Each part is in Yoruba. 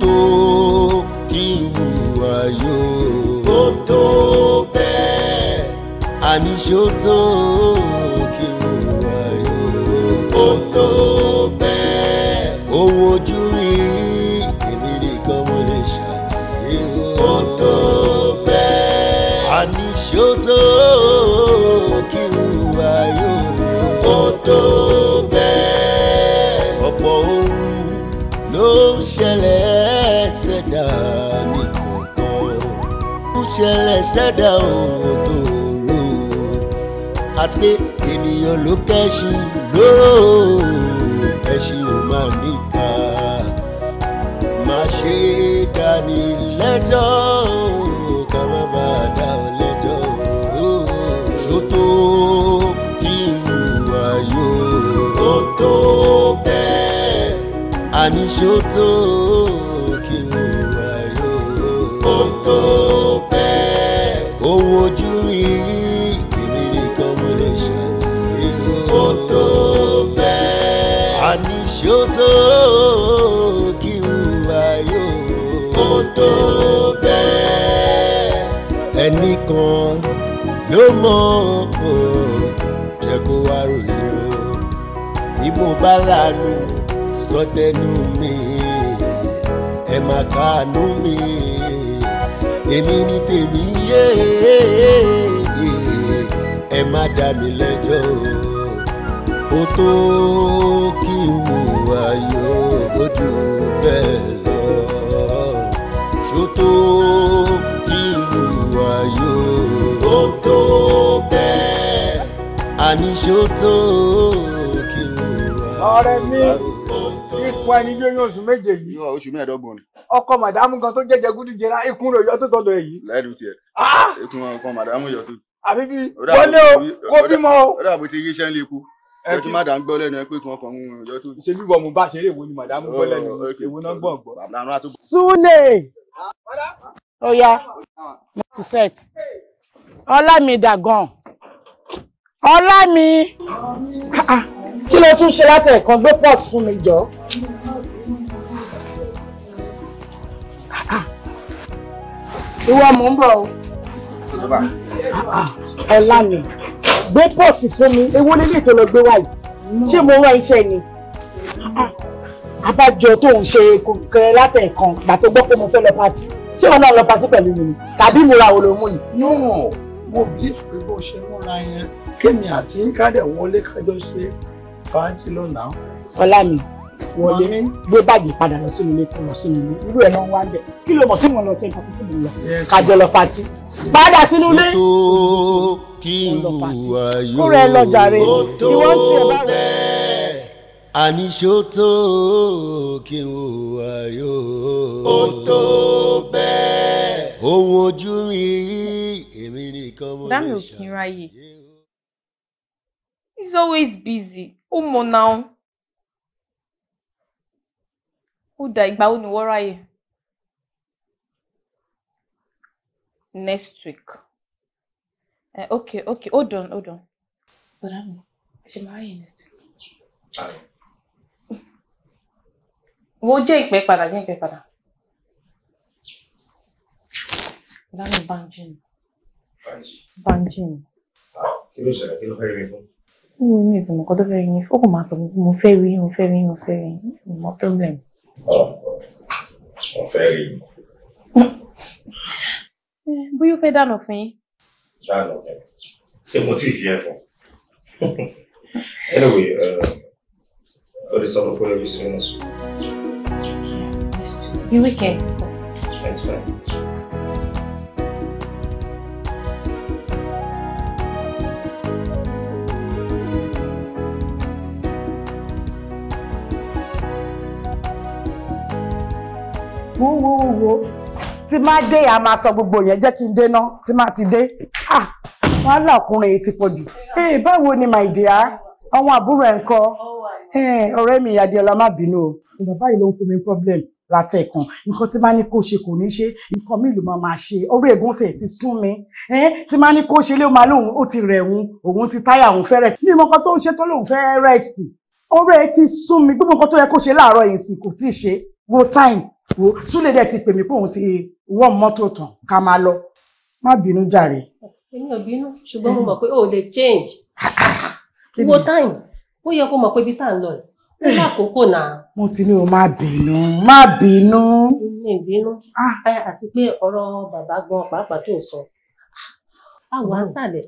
tó kí n wùwà yó. ó tó bẹ́ẹ̀. àní ṣó tó kí n wùwà yó. ó tó bẹ́ẹ̀. owó ojú rí èmi nìkan mo lè ṣàlàyé. ó tó bẹ́ẹ̀. àní ṣó tó tó bẹ́ẹ̀. ọ̀pọ̀ ohun ló ń ṣẹlẹ̀. ṣẹlẹ̀ sẹ́dá ohun tó rò àti pé ènìyàn ló kẹ́sìn lóò ẹ̀sìn ò máa níta máa ṣe dání lẹ́jọ́ ká má bàa dá ọ lẹ́jọ́ ṣòtò ìwà yóò ó tó bẹ́ẹ̀ àní ṣòtò. Oh. tó kí n wá yó. ó tó bẹ́ẹ̀. ẹnìkan ló mọ ò jẹ́ kó wá ròyìn o bí mo bá lanu sọtẹnu mi ẹ má kánú mi èmi ní tèmi yé ẹ má dá mi lẹ́jọ́ o tó kí n wò ayọ̀ ojú bẹ́ẹ̀ lọ ṣòtò ìlú ayọ̀ ó tó bẹ́ẹ̀ àní ṣòtò kí n wà. mi ikú ẹni yóò yóò oṣù méje yìí. yóò oṣù mẹ́ẹ̀ẹ́dọ́gbọ̀n ni. ọkọ màdámù kan tó jẹjẹ gúdú jẹra ikún rẹ yọ tó tọdọ ẹ yìí. lẹ́ẹ̀dù tiẹ̀ ikún ọkọ màdámù yọ tó. àbí bí wọlé o kó bímọ o. ó dàbí ti yíṣẹ́ ń lè kú ẹ madam gbọ́ lẹ́nu ẹ pé kí wọ́n kàn ń yọ mo bá ṣeré èwo ni madam gbọ́ oh, lẹ́nu èwo náà gbọ̀n gbọ́. Sule oya mo ti set ọlá mi dàgàn ọlá mi kí ló tún ṣe látẹ̀ẹ̀kan gbé pọ́s fún mi jọ. ìwọ mò ń bọ̀ o ọlá mi gbé bọ́ọ̀sì fún mi ewo lè lè tó lọ gbé wáyé ṣé mo wá iṣẹ́ ni ah, abájọ tó ń ṣe kẹrẹ látẹ̀ẹ̀kan gbà tó gbọ́ pé mo fẹ́ lọ patí ṣé wọn náà lọ patí pẹ̀lú mi ni tàbí mo ra olómù yìí. no mo believe pé bó ṣe múra yẹn kémi àti nkádẹ wọlé kájọ ṣe fàájì lọ́nà. ọlá mi wọlé gbé báàgì padà lọ sínú ilé kó lọ sínú ilé irú ẹ̀ náà wá bẹ̀ kí ló mọ̀ tí mo lọ ṣe pàtó fún mi lọ kájọ lọ patí padà sínú ilé. kúrò ẹ lọ jàre ìwọ ń tiẹ̀ báwo. àníṣó kí n wò ayò. ó tó bẹ́ẹ̀. ohun ojú mi rí èmi nìkan mo lè ṣàlàyé. dami ò kí n ráyè he's always busy ó mọ̀ náà ó da ìgbà ó ní wọ́n ráyè. next week. Uh, okay, okay, hold on, hold on. But I'm ṣe máa yìí next week. Wo jẹ́ ìpẹ́ padà, jẹ́ ìpẹ́ padà. Láàrin Banji banjin. Banji ni. Ah, kí ló ṣẹlẹ̀? Kí ló fẹ́ rí fún? Mo ní ìtumọ̀ kan tó fẹ́ rí yín. Ó kò máa sọ pé mo fẹ́ rí yín, mo fẹ́ rí mo fẹ́ rí Mo mọ problem. Oh, mo fẹ́ bóyá ó fẹ́ dànù fún yín. dànù ẹ ṣé mo ti fi ẹ fọ anyway ó uh, lè sọ pé ó yẹ sí nínú sùn. you weekend. that's fine. Whoa, wo wo tí máa dé a máa sọ gbogbo yẹn jẹ́ kí n dé ná tí máa ti dé ah wàhálà ọkùnrin yìí ti pọ̀ jù ee eh, ni my dear àwọn àbúrò ẹ̀ ń kọ́ eh, ọ̀rẹ́ mi Adéọlá má bínú o bàbá yìí ló ń fún mi problem látẹ̀kàn nǹkan tí máa ní kó ṣe kò ní ṣe nǹkan míì ló máa máa ṣe ọ̀rọ̀ ègún tẹ̀ ti sún mi eh, tí máa ní kó ṣe lé máa lóun ó ti rẹ̀ òun òun ti táyà òun fẹ́ rẹ̀ tí mímọ́ kan tó ń ṣe tó lóun fẹ́ rẹ̀ tì ọ̀rọ̀ ẹ ti sún mi gbogbo nǹkan tó yẹ kó ṣe láàárọ̀ yìí sì kò tí ì wo time wo súlẹ̀ dẹ̀ ti pè mí pé ti wọ́ mọ́tò tán ká máa lọ má bínú jàre. èmi ò bínú ṣùgbọ́n mo mọ̀ pé o lè change wo time ó yẹ kó mọ̀ pé ibi tá à ń lọ rẹ̀ ní àkókò náà. mo ti ní o má bínú má bínú. mi ò bínú ah. àti pé ọ̀rọ̀ bàbá gan pàápàá tó sọ àwọn àṣàlẹ̀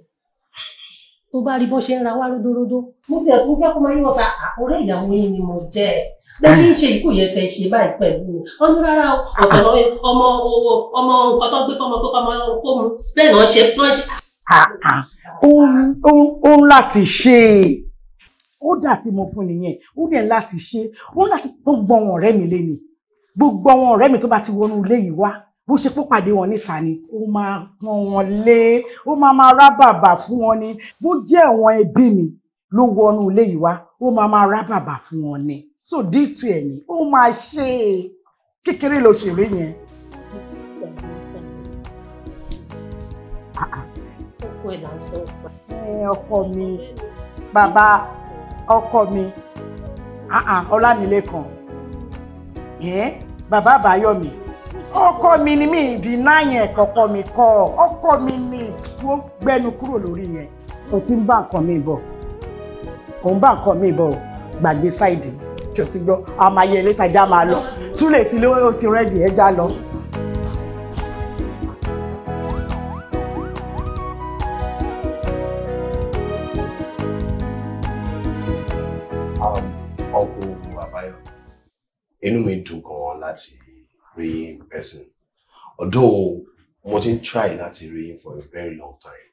tó bá rí bó ṣe ń ra wá ródóródó. mo tiẹ̀ tún jẹ́ kó máa yí wọn pa àkórè ìyàwó yín ni mo jẹ́ ẹ̀ bó ṣe ń ṣe ikú yẹn tẹ ṣe báyìí pẹ̀lú mi wọn ní rárá ọ̀tọ̀ ọmọ ọmọ nǹkan tó gbé fọmọ tó kọ́ ọmọ kó mu bẹ́ẹ̀ náà ṣe tó ṣe. ó ń láti ṣe ó dà tí mo fún nìyẹn ó dẹ̀ láti ṣe ó láti tó gbọ́n ọ̀rẹ́ mi lé ni gbogbo àwọn ọ̀rẹ́ mi tó bá ti wọnú ilé yìí wá bó ṣe pọ́ pàdé wọn níta ni ó máa pọn wọn lé ó máa máa rá bàbà fún wọn ni bó jẹ́ àwọn ẹbí mi ló wọnú ilé yìí wá ó máa máa rá bàbà fún wọn ni so díìtì ẹ̀ ni ó máa ṣe kékeré lọ́sẹ̀rẹ̀ yẹn. ọkọ ẹ̀ là ń sọ ọpa. ọkọ mi bàbá ọkọ mi ọlánilẹ́kan bàbá àbáyọ̀mí ọkọ mi ni mi ìdí náà kọkọ mi kọ ọkọ mi ni wọn gbẹnu kúrò lórí yẹn. o ti ń bá nǹkan mi bọ̀ o ń bá nǹkan mi bọ̀ o gbàgbé sáìdì mi ṣòtìgbọ́ àmàyẹlé a máa lọ súlẹ̀ tí ló ti rẹ́dì ẹja lọ. inú mi dùn gan láti rí in person although mo ti ń try láti rí yín for a very long time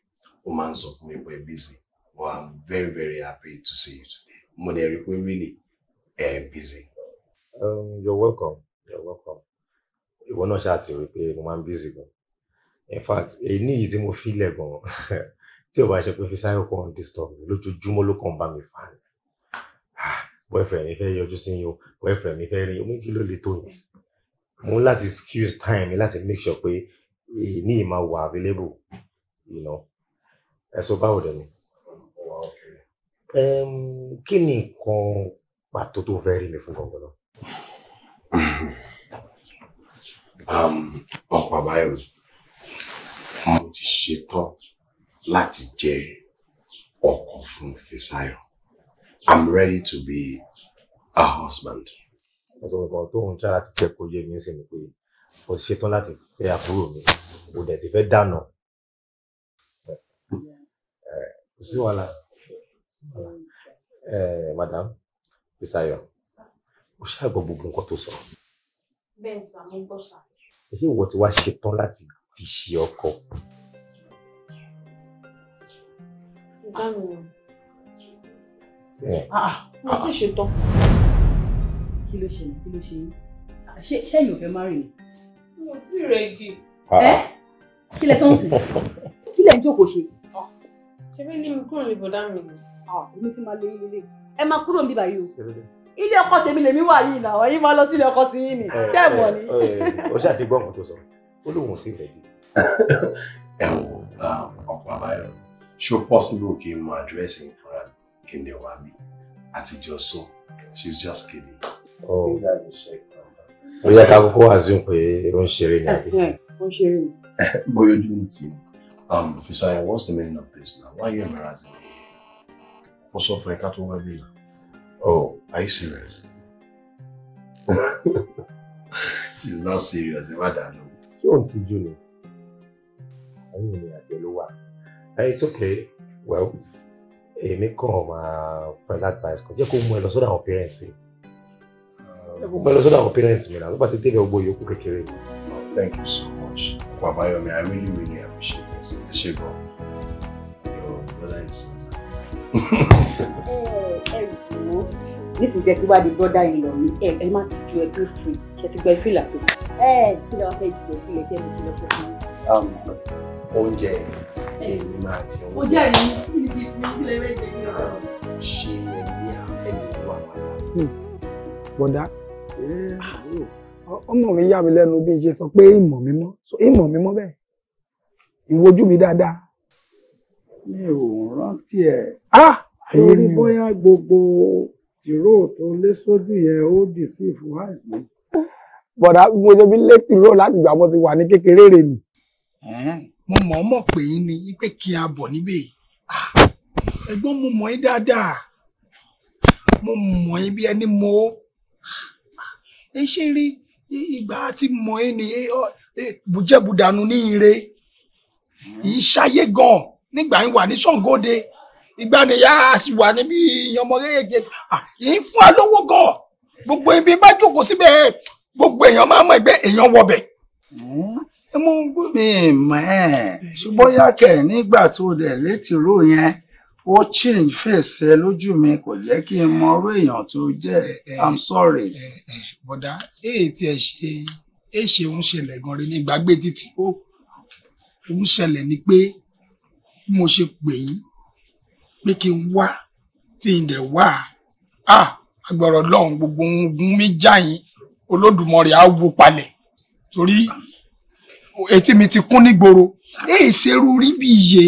ó máa ń sọ fún mi pé busy but i'm very very happy to see you today mo dẹ̀ rí pé really eh, busy. Um, you're welcome. You're welcome. Ìwọ náà ṣáà ti rí i pé mo máa ń busy gan. In fact, èyí ní èyí tí mo fi lẹ̀ gan tí ò bá ṣe pé Fisáyọ̀ kan disturb mi lójoojúmọ́ ló kàn bá mi fà á. Ah, boyfriend mi fẹ́ yọjú sí yín o, boyfriend mi fẹ́ rí omi kí ló le tó yẹn. Mo ń láti excuse time mi láti make sure pé èyí ní ìmọ̀ wà available. You know. Ẹ so báwo dẹ̀ ni? Um, kí ni nǹkan pàtó tó fẹ́ rí mi fún gbọ̀ngàn náà. Um, ọkọ àbáyọ mo ti ṣetán láti jẹ ọkọ fún Fisáyọ̀ I'm ready to be a husband. ọ̀sán ìgbà tó ń ṣáà ti tẹ́ kó yé mi sí ni pé mo ti ṣetán láti fẹ́ àbúrò mi mo dẹ̀ ti fẹ́ dànù eh, sí wàhálà eh, madam. Bísáyọ̀, ó ṣàgbọ́ gbogbo nǹkan tó sọ. Bẹ́ẹ̀ sà, mo gbọ́ sà. Ṣé ìwọ ti wá ṣetán láti fi ṣe ọkọ? Ìdáhùn. Ah, ah, mo ti ṣetán. Kí ló ṣe yín? Kí ló ṣe yín? Ṣẹ́yìn fẹ́ má rìn? Mo ti ready. Ah. Ẹ́ kí lẹ sọ́n sí? Kí lẹ ń jókòó ṣe? Ṣé bí ní mi kúrò ní bọ̀dá mi ni? Èmi ti máa lóyún lélẹ̀ ẹ máa kúrò níbí báyìí o ilé ọkọ tèmi lèmi wà yìí náà ẹ̀yin máa lọ sí ilé ọkọ sí yìí ni ṣé ẹ mọ̀ ni. ó ṣáà ti gbọ́ nǹkan tó sọ ó lóun ò sí ìfẹ́ di. ẹ wò ọkọ àbáyọ ṣó possible kí n mọ àdírẹ́sì ìfura kí n lè wá mi àtijọ́ so she's just kidding. Oh. ó yẹ ká kókó àzún pé ó ń ṣeré ní àbí. ó ń ṣeré ní. bóyá ojú mi tì í. Um, Professor, what's the meaning of this now? Why are you embarrassing me? mo sọ fún ẹ ká tó wá oh are you serious she's not serious ẹ má dànù. ṣé òun ti jù ni àyè mi àti ẹ it's okay well èmi kàn máa pẹ̀lú advice kan jẹ́ kó mú ẹ lọ sọ́dọ̀ àwọn parents rẹ̀ um, jẹ́ kó mú ẹ lọ sọ́dọ̀ àwọn parents mi náà ló bá ti thank you so much i really really appreciate this ẹ ṣé gan ẹ wò ó nísìnyí tẹ ti wá di brother in law mi ẹ ẹ má ti ju ẹbí fún ẹ ti gba ìfìlà tó ẹ kí lè wá fẹ́ jẹ kí lè jẹ kí lè fẹ́ fún mi. Um, oúnjẹ ẹ ní máa jẹ oúnjẹ. ó jẹ́ ìlú kí ni kí lè rẹ̀ jẹ́ kí lọ́rọ̀. ṣé hmm. ẹ ní àfẹ́ni wà wàlá. bọ̀dá ọmọ mi yá mi lẹ́nu bí n ṣe sọ pé ìmọ̀ mi mọ́ ìmọ̀ mi mọ́ bẹ́ẹ̀ ìwojú mi dáadáa mi ò rántí ẹ̀ torí bóyá gbogbo ìró tó lé sójú yẹn ó dì sí ìfúnwáìsì mi. bọ̀dà mo ṣe bí létí ró láti gbà mo ti wà ní kékeré rè ni. mo mọ̀ ọ́ mọ̀ pé yín ni pé kí a bọ̀ níbẹ̀ ah, ẹ̀gbọ́n mo mọ̀ yín dáadáa mo mọ̀ yín bí ẹni mo ẹ ṣe rí ìgbà tí mọ̀ yín ni bùjẹ́bùdànù ní ire ìṣayé gan-an nígbà yín wà ní Ṣàngóde ìgbà nìyá sì wà níbi ìyànmọ kéékèèké ah, yìí fún wa lówó gan gbogbo ibi bá jókòó síbẹ̀ gbogbo èèyàn máa mọ̀ ẹgbẹ́ èèyàn wọbẹ̀. ẹ mú mi mọ ẹ ṣùgbọ́n yàtọ̀ nígbà tó dẹ̀ létí ró yẹn ó change fèsè lójú mi kò jẹ́ kí n mọ orú èèyàn tó jẹ́ i'm sorry. bọ̀dá èyí tí ẹ ṣe é ṣe ń ṣẹlẹ̀ gan-an ní gbàgbé títí ó ń ṣẹlẹ̀ ni pé mo ṣe pè yín pé kí n wá tí n dẹ̀ wá à ah, agbọ̀rọ̀ lọ́hùn gbogbo ogun mi já yín olódùmarè á wó palẹ̀ torí etí mi ti kún nígboro èyí ṣerú rí bí iye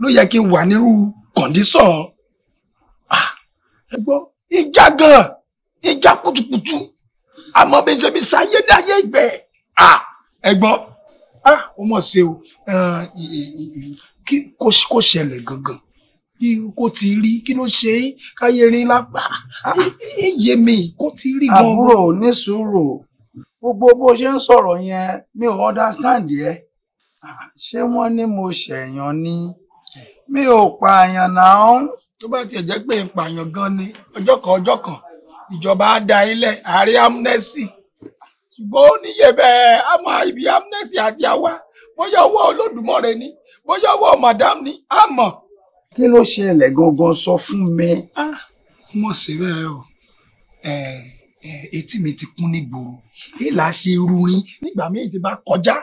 ló yẹ kí n wà nírú kọ̀ǹdíṣọ̀n ah, ẹ gbọ́ ìjà gan ìjà kùtùkùtù àmọ́ bí n ṣe fi sáyé dáyé ìgbẹ́ ah, ẹ gbọ́ ó mọ̀ ṣe o kí kó ṣẹlẹ̀ gangan kí kó ti rí kí ló ṣe é káyé rí lápá yé mi kó ti rí gan. àbúrò ní sùúrù gbogbo bó ṣe ń sọ̀rọ̀ yẹn mi ò understand yẹ ṣé wọ́n ní mo ṣẹ̀yàn ni mi ò pààyàn náà. tó bá tiẹ̀ jẹ́ pé ń pààyàn gan ni ọjọ́ kan ọjọ́ kan ìjọba á da ilẹ̀ àárẹ̀ amnesty ṣùgbọ́n ó níyẹ̀ bẹ́ẹ̀ àmọ́ ibi amnesty àti àwa bóyá ọwọ́ Olódùmarè ni bóyá ọwọ́ madam ni a mọ̀. kí ló ṣẹlẹ̀ gangan sọ fún mi. mo sì rẹ o etí mi ti kún nígboro ìlà ṣe rurin nígbà míì ti bá kọjá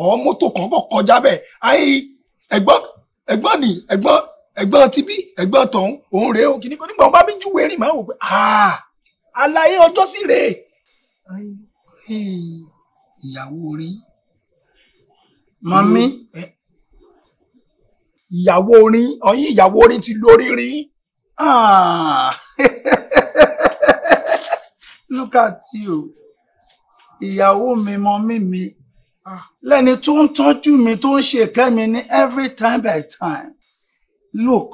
ọ mọ́tò kan kọ̀ kọjá bẹ́ẹ̀ ayé ẹ̀gbọ́n ẹ̀gbọ́n ni ẹ̀gbọ́n ẹ̀gbọ́n ti bí ẹ̀gbọ́n tọ̀hún òun rèé o kìnnìkan nígbà wọn bá mi júwèé rìn máa wò pé àlàyé ọjọ́ sí rèé ìyàwó orin mọ̀mí ìyàwó orin ọyìn ìyàwó orin ti lórí rí ah. look at you ìyàwó mi mọ̀mí mi ah. lẹ́ni tó ń tọ́jú mi tó ń ṣe kẹ́mi ní every time by time look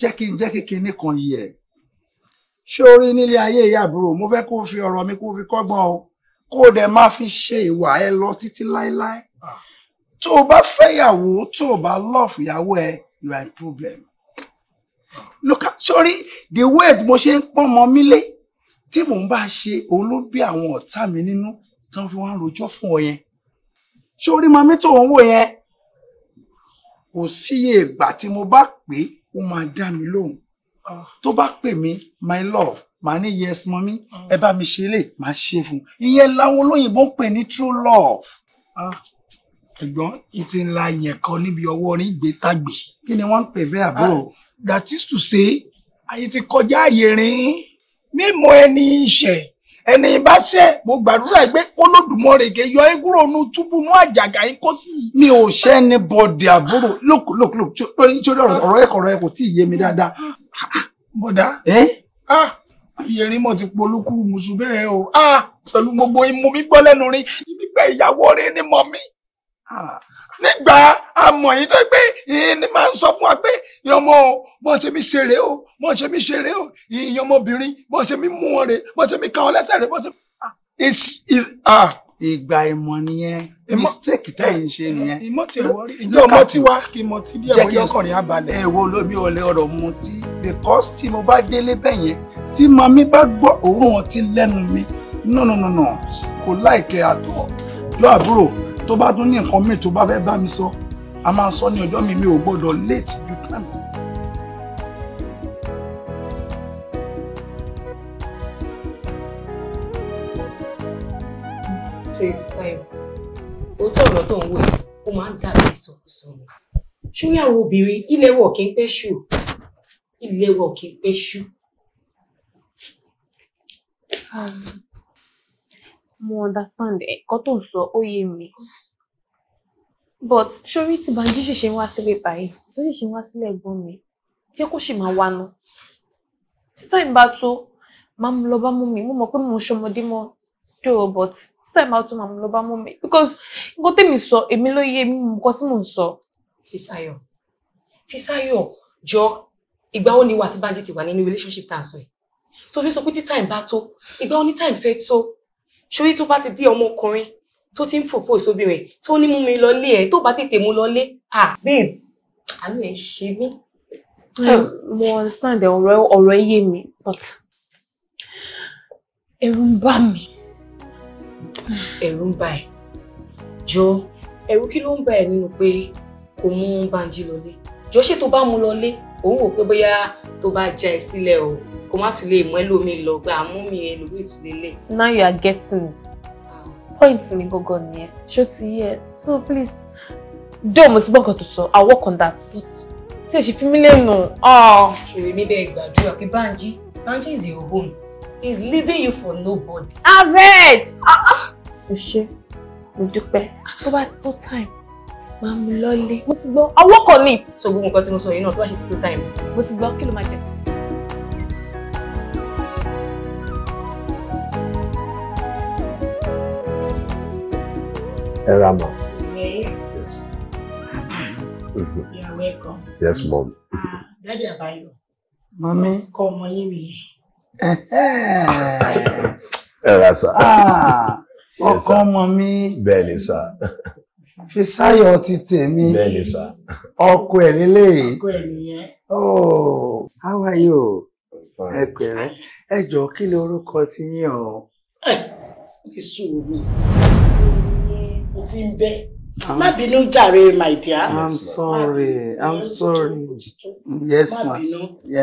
jẹ́ kí n jẹ́ kí kinní kan yẹ ṣé o rí nílé ayé ìyá àbúrò mo fẹ́ kó fi ọ̀rọ̀ mi kó fi kọ́gbọ́n o kó o dẹ̀ máa fi ṣe ìwà ẹ lọ títí láéláé. Ah tó o bá fẹ́yàwó tó o bá lọ́ọ̀fù ìyàwó ẹ you are a problem. look at sorry the way mo ṣe ń pọ́n ọmọ mi lé tí mò ń bá ṣe òun ló bí àwọn ọ̀tá mi nínú tí wọ́n fi wá ń rojọ́ fún ọ yẹn sórí mami tó ń wò yẹn kò síye ìgbà tí mo bá pè ó máa dá mi lóhùn tó bá pè mí my love màá ní yes mami ẹ bá mi ṣe lè máa ṣe fún un ìyẹn làwọn olóyìnbó ń pè ní true love. Ah ẹ̀gbọ́n ìtì ńlá yẹn kan níbi ọwọ́ orin ìgbé tàgbé. kí ni wọ́n ń pè bẹ́ẹ̀ àbúrò. Ah, that is to say ayé ti kọjá àyè rìn mímọ ẹni ìṣẹ̀ ẹni bá ṣẹ̀ mo gbàdúrà pé kólódùmọ̀rẹ̀ kẹ yọ égúrò nu túbú mú àjàgà yín kó sí. mi ò ṣẹ́ ní bọ́ọ̀dì àbúrò look look look nítorí ọ̀rọ̀ ẹ̀kọ́ rẹ kò tí ì yé mi dáadáa. bọ́dà ìyẹrin mọ̀ ti polúkú mùsùlùmí bẹ́ẹ̀ o ah, pẹ̀lú gbogbo imú mi gbọ́ lẹ́nu rí ibi pẹ́ ìyàwó rí ni mọ̀ mi. Ah. nígbà amọ̀ yìí tó pé ìní máa ń sọ fún wa pé ìyọmọ o bọ́n ṣe mí ṣe rèé o bọ́n ṣe mí ṣe rèé o ìyọmọbìnrin bọ́n ṣe mí mú wọn rèé bọ́n ṣe mí kan ọlẹ́sẹ̀ rèé bọ́n ṣe mí. Ah. Ah. ìgbà ìmọ̀ nìyẹn mistake tẹ́yìn ṣe nìyẹn. ìmọ̀ tí wọrí ìjọ ọmọ tí wá kí mo ti díẹ̀ wọ́n yọkọ̀rin abalẹ̀. ẹ wo lómi ọ̀lẹ́ ọ̀rọ̀ mu tí because tí mo bá délé bẹ́yẹn tí mami bá gbọ́ òórùn ọtí lẹ́nu mi no no no no kò láìkẹ́ àtọ̀ lọ́ àbúrò tó bá tún ní nǹkan míì tó bá fẹ́ bá mi sọ a máa sọ ní ọjọ́ mi mi ò gbọ́dọ̀ late you can't ṣayọ òótọ́ ọ̀rọ̀ tó ń wò yìí ó máa ń dàbí ìsọkúsọ ni ṣúyàwó obìnrin ilẹ̀wọ̀ kí n pẹ́ ṣù ilẹ̀wọ̀ kí n pẹ́ ṣù mo understand ẹ̀ kọ́ tó ń sọ ó yé mi but sori tí Banji ṣẹ̀ṣẹ̀ wá sílé báyìí tó ṣẹ̀ṣẹ̀ wá sílé ẹ̀gbọ́n mi jẹ́ kó ṣì máa wá nu títà ìbá tó máa mú lọ bá mú mi mo mọ̀ pé mo ṣọmọdé mọ́ dúró but this time out máa mú lọ bá mú mi because nǹkan tèmi sọ èmi ló yé mi nǹkan tí mò ń sọ. Fisáyọ̀ Fisáyọ̀ jọ ìgbà wo ni ìwà àti Banji ti wà nínú relationship tá à ń sọ yìí tó fi sọ pé tí time bá tó ìgbà wo ni time fẹ́ tó ṣóyí tó bá ti di ọmọkùnrin tó ti ń fòfò sóbìnrin tó ní mú mi lọlé ẹ tó bá tètè mú lọlé à babe àánú ẹ ṣe mí. mo understand ọ̀rọ̀ ọ̀rọ̀ yé mi but ẹ̀rù ń bà mí. ẹ̀rù ń bà ẹ́ jọ ẹ̀rù kí ló ń bà ẹ́ nínú pé kò mú Bánjí lọlé jọ ṣé tó bá mú lọlé òun wò pé bóyá tó bá já ẹ sílẹ̀ o kó má tún lè mú ẹlòmíì lọ pé àmú mi ẹlòmíì tún lélẹ̀. now you are getting it ah. point mi gangan nìyẹn ṣó ti yẹ so please though mo ti gbọ́ tó sọ i work on that but tí èsì fi mí lẹ́nu. Ah. ṣòro mi bẹ́ẹ̀ gbàdúrà pé Banji Banji is your home he is leaving you for nobody. abeg. Ah, o ṣe mo dúpẹ́ tó bá ti tó time máa mú lọ́lé. mo ti gbọ́ ọwọ́ kan ní so gbogbo nǹkan tí mo sọ yìí náà tó bá ṣe tuntun táìmù. mo ti gbọ́ kí ló máa jẹ. ẹ ra ma. yes. you are welcome. yes mom. dájà báyọ̀. mami. kọ́ ọmọ yín mi yẹn. ẹ ra sa. Ah, ọkọ ọmọ mi. bẹ́ẹ̀ ni fi sáyọ̀ ti tèmi ọkọ ẹ̀ lélẹ́yìí oh, how are you ẹ pẹ̀rẹ́ ẹ jọ kí ni orúkọ ti yín o. ìṣòro o ti ń bẹ ah. má bínú jàre my dear. i'm sorry i'm sorry yes ma.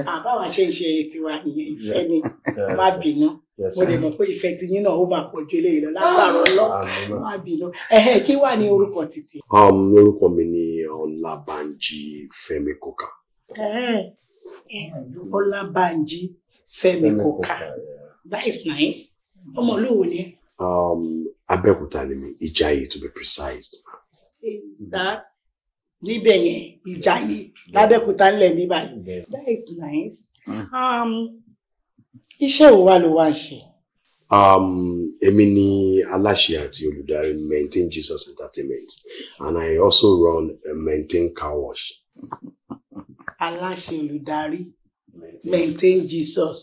má àbáwá ah, ṣe ń ṣe tiwa ìfẹ́ ni má bínú mo lè mọ̀ pé ìfẹ́ ti yín náà ó máa pọ̀ ju eléyìí lọ látàrọ lọ ah, má bínú kí wà ní orúkọ títí. orúkọ um, mi ni ọlábànjí fẹ́mi kọkà. ọlábànjí fẹ́mi kọkà that is nice ọmọ ni. Um, abẹ́òkúta ni mi ìjayé to be precise. that níbẹ̀ yẹn ìjayé lábẹ́òkúta ńlẹ̀ mi báyìí that is nice. Mm. Um, iṣẹ́ wo wá ló wá ń ṣe. Um, èmi ni aláṣẹ àti olùdarí maintain jesus entertainment and i also run maintain car wash. aláṣẹ olùdarí maintain jesus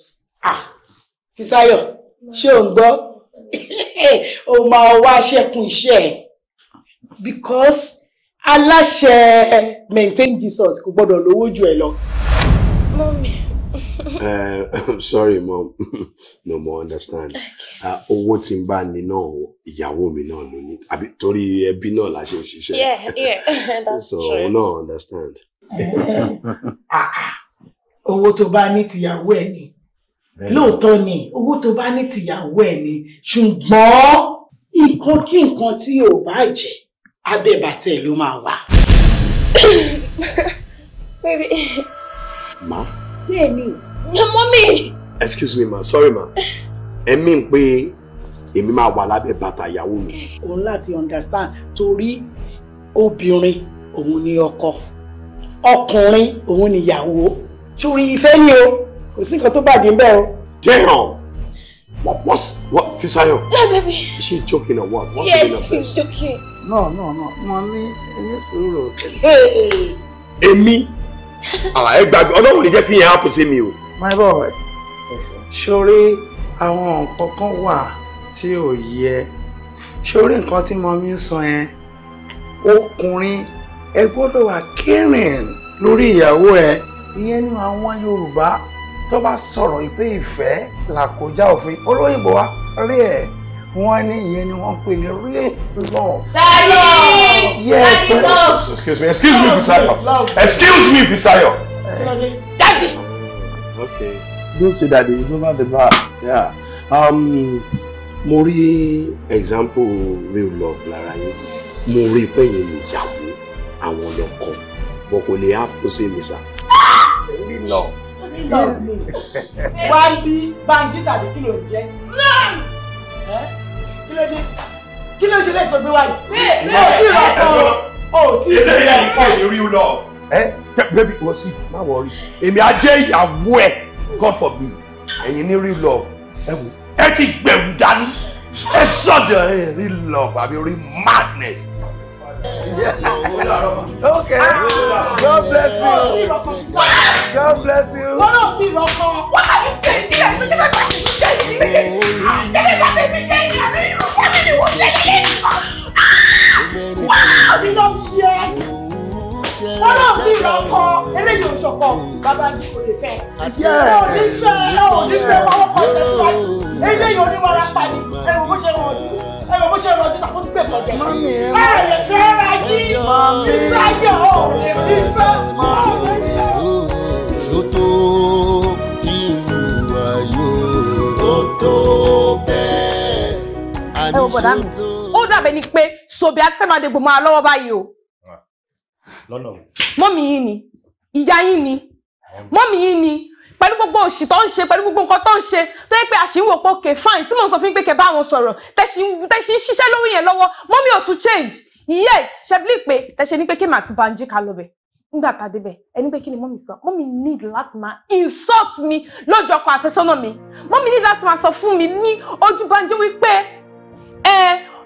ah fisayo ṣé ò ń gbọ́ o máa wá ṣẹ́kun iṣẹ́ ẹ̀ because aláṣẹ maintain jesus kò gbọ́dọ̀ lówó ju ẹ lọ. mọ́mí. I'm eh, sorry, mom. no more understand. Ah, owó tí n bá ní náà ìyàwó no náà ló ní. Àbí torí ẹbí náà la ṣe ń ṣiṣẹ́. Yeah, yeah, that's so, true. So òun understand. Ah, ah. tó bá ní tìyàwó ẹ̀ ni. Lóòótọ́ ni, owó tó bá ní tìyàwó ẹ̀ ni. Ṣùgbọ́n nǹkan kí nǹkan tí ò bá jẹ́, abẹ́ bàtẹ́ ló máa Baby. Ma. Bẹ́ẹ̀ni. Yeah, Mọ́mí. Excuse me ma, sorry ma. Ẹ mí n pé èmi máa wà lábẹ́ bàtà ìyàwó mi. Òun láti understand torí obìnrin òun ni ọkọ, ọkùnrin òun ni ìyàwó. Sori ìfẹ́ ni o, kò sí nǹkan tó bàjẹ́ ń bẹ̀ o. Dẹ́rọ̀. What was what Fisayo? No, baby. Is she joking or what? What's yes, she's joking. No, no, no. Mommy, ẹni sùúrù. Èmi. Ah, ẹ gbàgbé. Ọlọ́run ní jẹ́ kí yẹn happen sí mi o my boy ṣorí àwọn nǹkan kan wà tí ò yẹ ṣorí nǹkan tí mo mi ń sọ yẹn ọkùnrin ẹ gbọ́dọ̀ wà kẹrin lórí ìyàwó ẹ ìyẹn ni àwọn Yorùbá tó bá sọ̀rọ̀ ìpè ìfẹ́ làkójá òfin olóyìnbó wa rí ẹ̀ wọ́n ní ìyẹn ni wọ́n pè ní real love. Daddy! Yes. Daddy, love. Excuse me, excuse me, Fisayo. Excuse me, Fisayo. Daddy! okay don't say that it's over the bar yeah um mo example real love lára yín mo rí pé yẹn níyàwó àwọn ọlọ́kọ wọn kò lè hápò sí mi missa. lílọ lílọ mi wá bí banji tàbí kí ló ń jẹ kí ló dé kí ló ṣe lè tó Oh, wáyé. mi ò real love ẹ bẹbí wọ sí má wọrí èmi ajẹ́ ìyàwó ẹ god forbid ẹ̀yin ní real love ẹ wò ẹ ti gbẹ̀rù dání ẹ sọ̀dọ̀ ẹ real love àbí real madness. okay ah. god bless you god bless you. What náà ti rọ kan. wọn náà ti pọ̀ Bàbáńjí kò lè fẹ́ ẹ ò ní fẹ́ ẹ ò ní fẹ́ fọwọ́ kan tẹ̀síwájú eléyìí oníwàrà pa ni ẹ wò bó ṣe rọ̀ ọdún ẹ wò bó ṣe rọ̀ ọdún tàbí gbẹ̀tọ̀ jẹ ẹ lè fẹ́ ra yí ìsáyẹ̀ ò lè fi fẹ́ ọ̀ lè fẹ́. ṣòtò ìlú ayò ó tó bẹ́ẹ̀ àní ṣòtò. ó dàbẹ̀ ni pé sobi àti fẹ́ máa dégbò máa lọ́wọ́ báyìí o. Ah, lọ́nà. mọ́mí yìí ni ìyá yín ni mọ́mì yín ni pẹ̀lú gbogbo òṣì tó ń ṣe pẹ̀lú gbogbo nǹkan tó ń ṣe tó yẹ pé àṣìwò pé okay fine tí mò ń sọ fún pé kẹ bá wọn sọ̀rọ̀ tẹ̀sí ń ṣiṣẹ́ lórí yẹn lọ́wọ́ mọ́mì ò tún change yes ṣẹ́bílì pé tẹ̀sí ní pé kí màá ti banjí ká lọ bẹ̀ nígbà tá a débẹ̀ ẹni pé kí ni mọ́mì sọ mọ́mì need láti máa insult mi lójú ọkọ àfẹ́sọ́nà mi mọ́mì need láti máa sọ fún mi ní ojú banjí wípé ẹ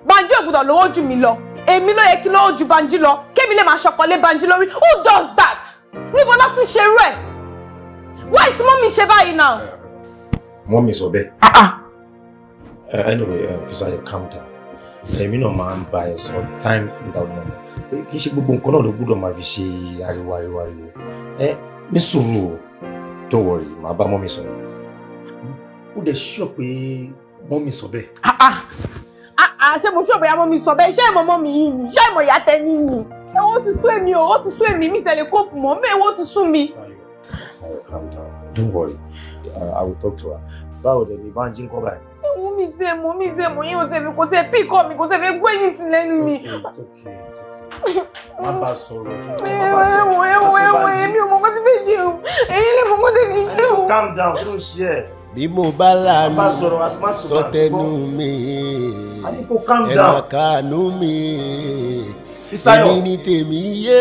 banjí ògbúdọ̀ lówó jù mí lọ èmi ló yẹ kí lówó ju banjí lọ kémi lè máa ṣọkọ lé banjí lórí who does that níbo náà ti ṣe irú ẹ̀ wáì tí mọ́mí ṣe báyìí náà. mọ́mí sọ bẹ́ẹ̀. Ah, ah. Eh, anyway eh, Fisayo calm down èmi náà máa ń ba ẹ̀ sọ time without number kì í ṣe gbogbo nǹkan náà ló gbúdọ̀ máa fi ṣe ariwo ariwo ariwo ẹ eh, ní sùúrù o don't worry màá bá mọ́mí sọ. ó dẹ̀ ṣọ́ pé mọ́mí ah, sọ bẹ́ẹ̀. ṣé mo ṣọ́ bóyá mọ́mí sọ bẹ́ẹ̀ ṣé ìmọ̀ mọ́mí yìí ni ṣé ìmọ̀ ìyá tẹ́ ní ni ẹ̀wọ̀n ti sún èmi o ó ti sún èmi mi tẹ̀lé kóòpù mọ́ mẹ́ ẹ̀wọ̀n ti sún mi. Sayo calm down don't worry uh, I will talk to her. Báwo dẹ̀ ni Banji ń kọ́ báyìí? Mo mi tẹ mo mi tẹ mo yín o tẹ fi kò tẹ pí kọ́ mi kò tẹ fi gbé ní ti lẹ́nu mi. okay it's okay. Má bá sọ̀rọ̀ tún bá bá sọ̀rọ̀. Ẹ̀wọ̀n ẹ̀wọ̀n ẹ̀wọ̀n èmi ò mọ̀ kó ti fẹ́ jẹun. Ẹ̀yin lè mọ̀ kó tẹ̀ fi jẹun. Calm down kí ló ń ṣe ẹ̀? bí mo bá lanu sọtẹnu mi ẹnu kanu mi Fisáyọ̀. èmi ni tèmi yé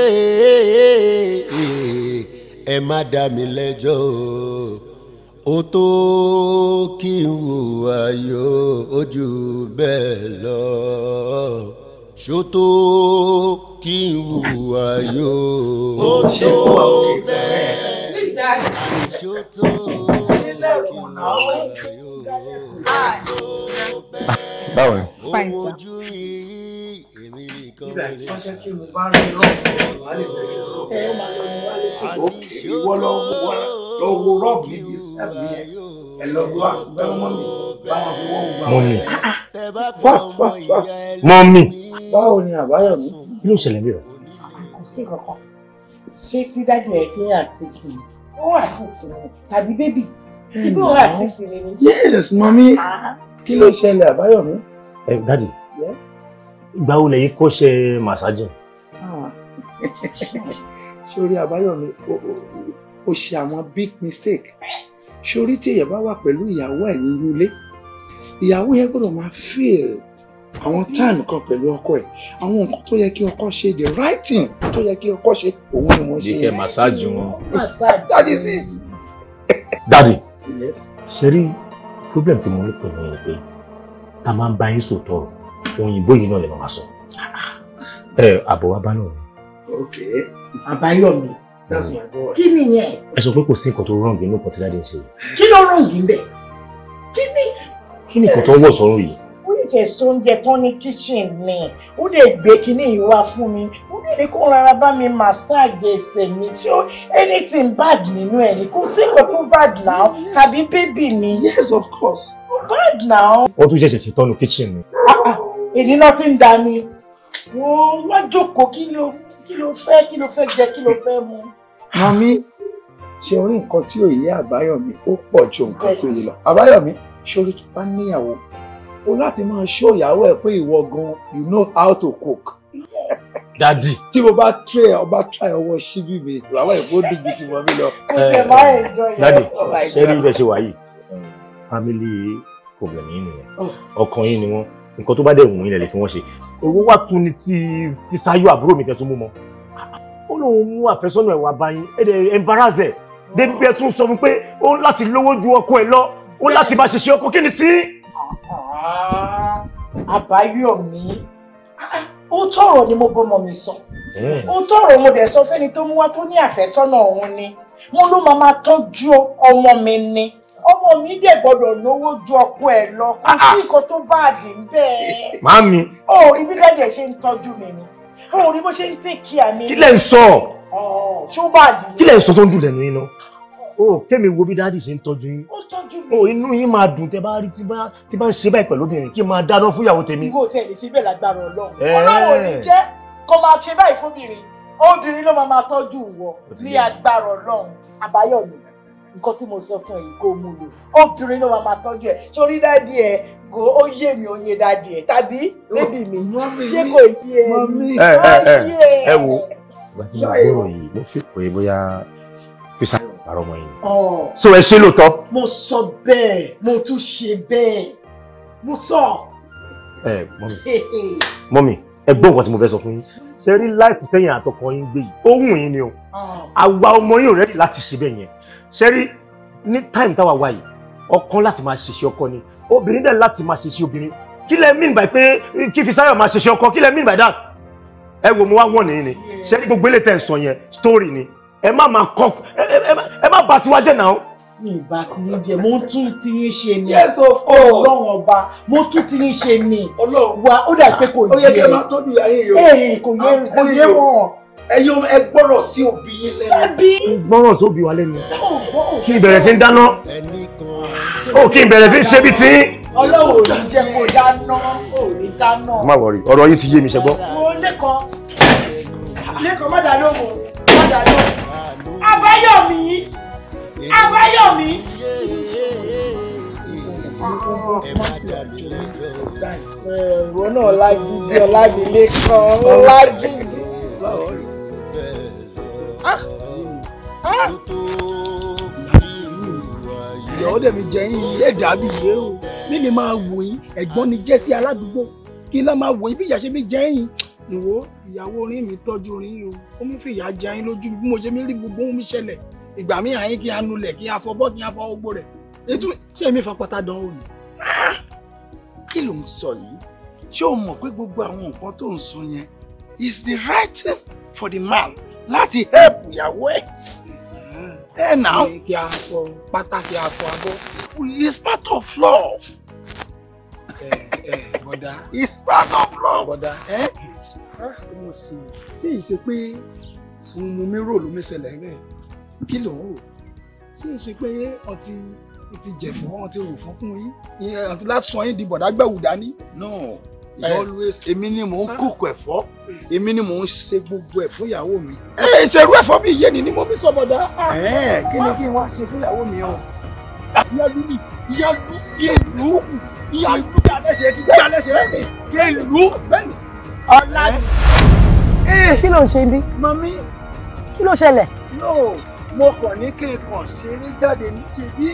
ẹ má dá mi lẹ́jọ́ o tó kí n hùwà yó ojú bẹ́ẹ̀ lọ ṣó tó kí n hùwà yó ojú bẹ́ẹ̀ ṣó tó kí n hùwà yó ojú bẹ́ẹ̀ báwo nígbà ah, ah. fast fast fast. mọ mi. báwo ni àbáyọ̀mí. kí ló ṣẹlẹ̀ bí o. kò sí kankan ṣé tí dájú ẹ pé àti sinmi ó wà sí sinmi tàbí bébì ibi òun àti sinmi ni. yes mọ mi ah. kí ló ṣẹlẹ̀ àbáyọ̀mí. ẹ eh, dadi. yes ìgbà wo lẹ́yìn kọ́ṣẹ́ massage. Ah. sórí àbáyọ̀mí ó ṣe àwọn big mistake sórí tí èèyàn bá wà pẹ̀lú ìyàwó ẹ̀ nínú ilé ìyàwó yẹn gbọ́dọ̀ máa feel àwọn time kan pẹ̀lú ọkọ ẹ̀ àwọn nǹkan tó yẹ kí ọkọ ṣe the right thing tó yẹ kí ọkọ ṣe òun ni wọ́n ṣe. jíkẹ́ massage wọn. that is it. dadi ṣe rí problem tí mo ní pẹ̀lú ẹ̀ pé a máa ń bá yín sòtọ̀rọ̀ òyìnbó yìí náà lè máa sọ ẹ àbọ̀ wa bá náà ni. okay àbáyọ̀mí that's my boy. kí ni yẹn. ẹ sọ pé kò sí nǹkan tó wrong nínú nǹkan tí dáadé ń ṣe. kí ló wrong níbẹ̀ kí ni. kí ni nǹkan tó ń wọ̀ sọ́run yìí. ó lè tẹ̀ sọ oúnjẹ tán ní kíchìn ni ó lè gbé kinní yìí wá fún mi ó lè ní kó rárá bá mi màsáàgì ẹsẹ̀ mi tí ó anything bad nínú ẹ̀ ni kò sí nǹkan tó bad now tàbí bébì mi. yes of course. bad now. wọ́n tún ṣẹ̀ṣẹ̀ ṣetán ní kíchìn ni èyí náà ti ń da ni wọ́n wá jókòó kí ló kí ló fẹ́ kí ló fẹ́ jẹ kí ló fẹ́ mu. mami ṣe orí nǹkan tí òye àbáyọ̀mí ó pọ̀ ju nǹkan tó yẹ lọ àbáyọ̀mí ṣorí tó bá níyàwó o láti máa ṣó ìyàwó ẹ pé ìwọ gan you know how to cook. dadi. tí mo bá tẹ ọba tẹ ọwọ́ síbí mi ìwàwọ ìfowó dìgbì tí mo mi lọ. dadi oh ṣe rí bẹ́ẹ̀ ṣe wà yìí family problem yìí nìyẹn oh. ọkàn yìí ni wọ́n nǹkan tó bá dẹ̀ wùn ilẹ̀ lè fi wọ́n ṣe èwo wá tún ni ti fisayo àbúrò mi tẹ́tún mú mọ́ ó lóun mú àfẹ́sọ́nà ẹ̀ wá báyìí ẹ̀dẹ̀ embarrassed débi bí ẹ tún sọ fún pé ó ń láti lówó ju ọkọ ẹ lọ ó láti bá ṣiṣẹ́ ọkọ kí ni tí. Ah, àbáyọ̀mí ó tọrọ ni mo bọmọ mi sọ ó tọrọ mo dẹ̀ sọ fẹ́ni tó mú wá tó ní àfẹ́sọ́nà òun ni wọn ló máa máa ọmọ mi ni ọmọ mi dẹ̀ gbọ́dọ̀ lówó ju ọkọ ẹ̀ lọ kò ah, ah. sí nǹkan tó bá àdé ń bẹ́ẹ̀. màámi. o ò rí bí dẹ́dẹ̀ ṣe ń tọ́jú mi ni o ò rí bó ṣe ń tẹ̀ kí àmì. kí lẹ ń sọ. ṣó bá àdé. kí lẹ ń sọ tó ń dùn lẹ́nu yín náà o kémi wo bí dáàdì ṣe ń tọ́jú yín o inú yín máa dùn tẹ bá rí tí bá tí bá ń ṣe báyìí pẹ̀lú obìnrin kí n máa dáná fún ìyàwó tèmi. ìwọ tí ẹ lè ṣe bẹ́ẹ̀ nǹkan tí mo sọ fún ẹ̀yin kó mú lò obìnrin náà máa tọ́jú ẹ̀ sórí dáàdi ẹ̀ kò ó yé mi ò yé dáàdi ẹ̀ tàbí bébì mi ṣé kò yé e? ẹ ẹ e. ẹ wo ìgbà tí mo gbọ́rọ̀ yìí mo fi pé bóyá fisayo parọ́ mọ́ yìí so ẹ ṣe lóòótọ́. mo sọ bẹ́ẹ̀ mo tún ṣe bẹ́ẹ̀ mo sọ. ẹ mọ́mì mọ́mì ẹ gbọ́ nǹkan tí mo fẹ́ sọ fún yín ṣe rí láìpù tẹ́yìn àtọkọ yín gbé yìí ó wù yín ni o àwa ọmọ yín ò rẹ́dì láti ṣe bẹ́ẹ̀ yẹn ṣẹ́rí ní time táwa wáyé ọkàn láti máa ṣèṣe ọkọ ni obìnrin dẹ̀ láti máa ṣèṣe obìnrin kí lẹ mean by pé kí Fisáyọ̀ máa ṣèṣe ọkọ kí lẹ mean by that ẹ wo mo wá wọ̀ nìyí ni ṣẹ́rí gbogbo ilé tẹ̀ ń sọ yẹn story ni ẹ má máa kọ́ ẹ má bà tiwa jẹ́ náà ní ìbá ti ní jẹ mo tún ti ní ṣe ni yes of course ọlọ́run ọba mo tún ti ní ṣe ni wa ó dà pé kò yé e kò yé wọn ẹ̀yin ẹ gbọ́rọ̀ sí òbí yín lẹ́nu. gbọ́rọ̀ sí òbí wa lẹ́nu. kí n bẹ̀rẹ̀ sí ń dáná. ó kí n bẹ̀rẹ̀ sí ń ṣe bí tí. ọlọ́wọ́ ò ní jẹ́ kó dáná ò ní dáná. má wọrí ọ̀rọ̀ yìí ti yé mi ṣe gbọ́. abáyọ̀mí abáyọ̀mí. ìwọ náà lágídí ọlágídé kan lágídí ìyàwó dẹ̀ mi jẹ yín ẹ̀dá bí yé o mi lè máa wò yín ẹ̀gbọ́n ni jẹ́ sí aládùúgbò kí n lá máa wò yín bí ìyá ṣe mi jẹ yín ìwọ ìyàwó orin mi tọ́jú orin yìí o ó mú fìyà jẹ yín lójú bí mo ṣe mi rí gbogbo ohun mi ṣẹlẹ̀ ìgbà mi àyín kí n anulẹ̀ kí n afọbọ́ kí n afọ ogbó rẹ̀ ètò ṣé èmi fapata dán o ni. kí ló ń sọ yìí ṣé o mọ̀ pé gbogbo àwọn nǹkan tó ń sọ yẹn is the right thing for the man láti help ìyàwó ẹ̀. ẹ náà. kí a fọ pátákì afọ abọ́. it's part of love. ẹ ẹ bọ̀dá. it's part of love. bọ̀dá ẹ ah, mo sì ṣe ìṣe pé òun mo mi rò ló mi ṣẹlẹ̀ rẹ̀ kí ló ń rò ṣe ìṣe pé ọtí ti jẹ̀fọ́ ọtí rò fún fún yín àti lásán yín di bọ̀dá gbẹ̀wù dání. náà. No you eh. always èmi ni mò ń kókò ẹ̀fọ́ èmi ni mò ń ṣe gbogbo ẹ̀ fún ìyàwó mi. ẹ eh, ẹ ṣerú ẹ̀fọ́ bí iye ni ni mo fi sọ bọ̀dá. ẹ ah. eh, kí ni kí n wá ṣe fún ìyàwó mi o. ìyàlú ni ìyàlú ìlú ìyàlú ìyàlẹ́sẹ̀ kí ìyàlẹ́sẹ̀ ìlú ọ̀la. kí ló ń ṣe bí. mami. kí ló ṣẹlẹ̀. no mo kàn ní kí n kàn ṣeré jáde ní tibí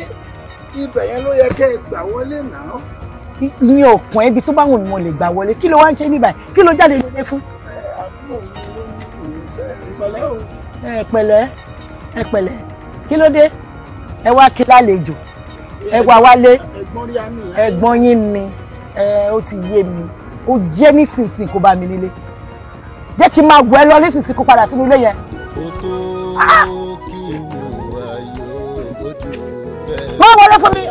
ibẹ̀ yẹn ló yẹ kẹ́ ẹ gbà wọlé náà ìyẹn ọ̀pọ̀ ẹbí tó bá wù ní mo lè gbà wọlé kí ló wá ń ṣe bíbà kí ló jáde lóde fún. ẹ pẹ̀lẹ́ ẹ pẹ̀lẹ́ kí ló dé ẹ wá kí lálejò ẹ wá wálé ẹ̀gbọ́n yín ni ẹ ó ti yé mi ó jẹ́ nísinsìn kó bá mi nílé jẹ́ kí n máa gbọ́ ẹ lọ nísinsìn kó padà sínú ilé yẹn. wọ́n wọlé fún mi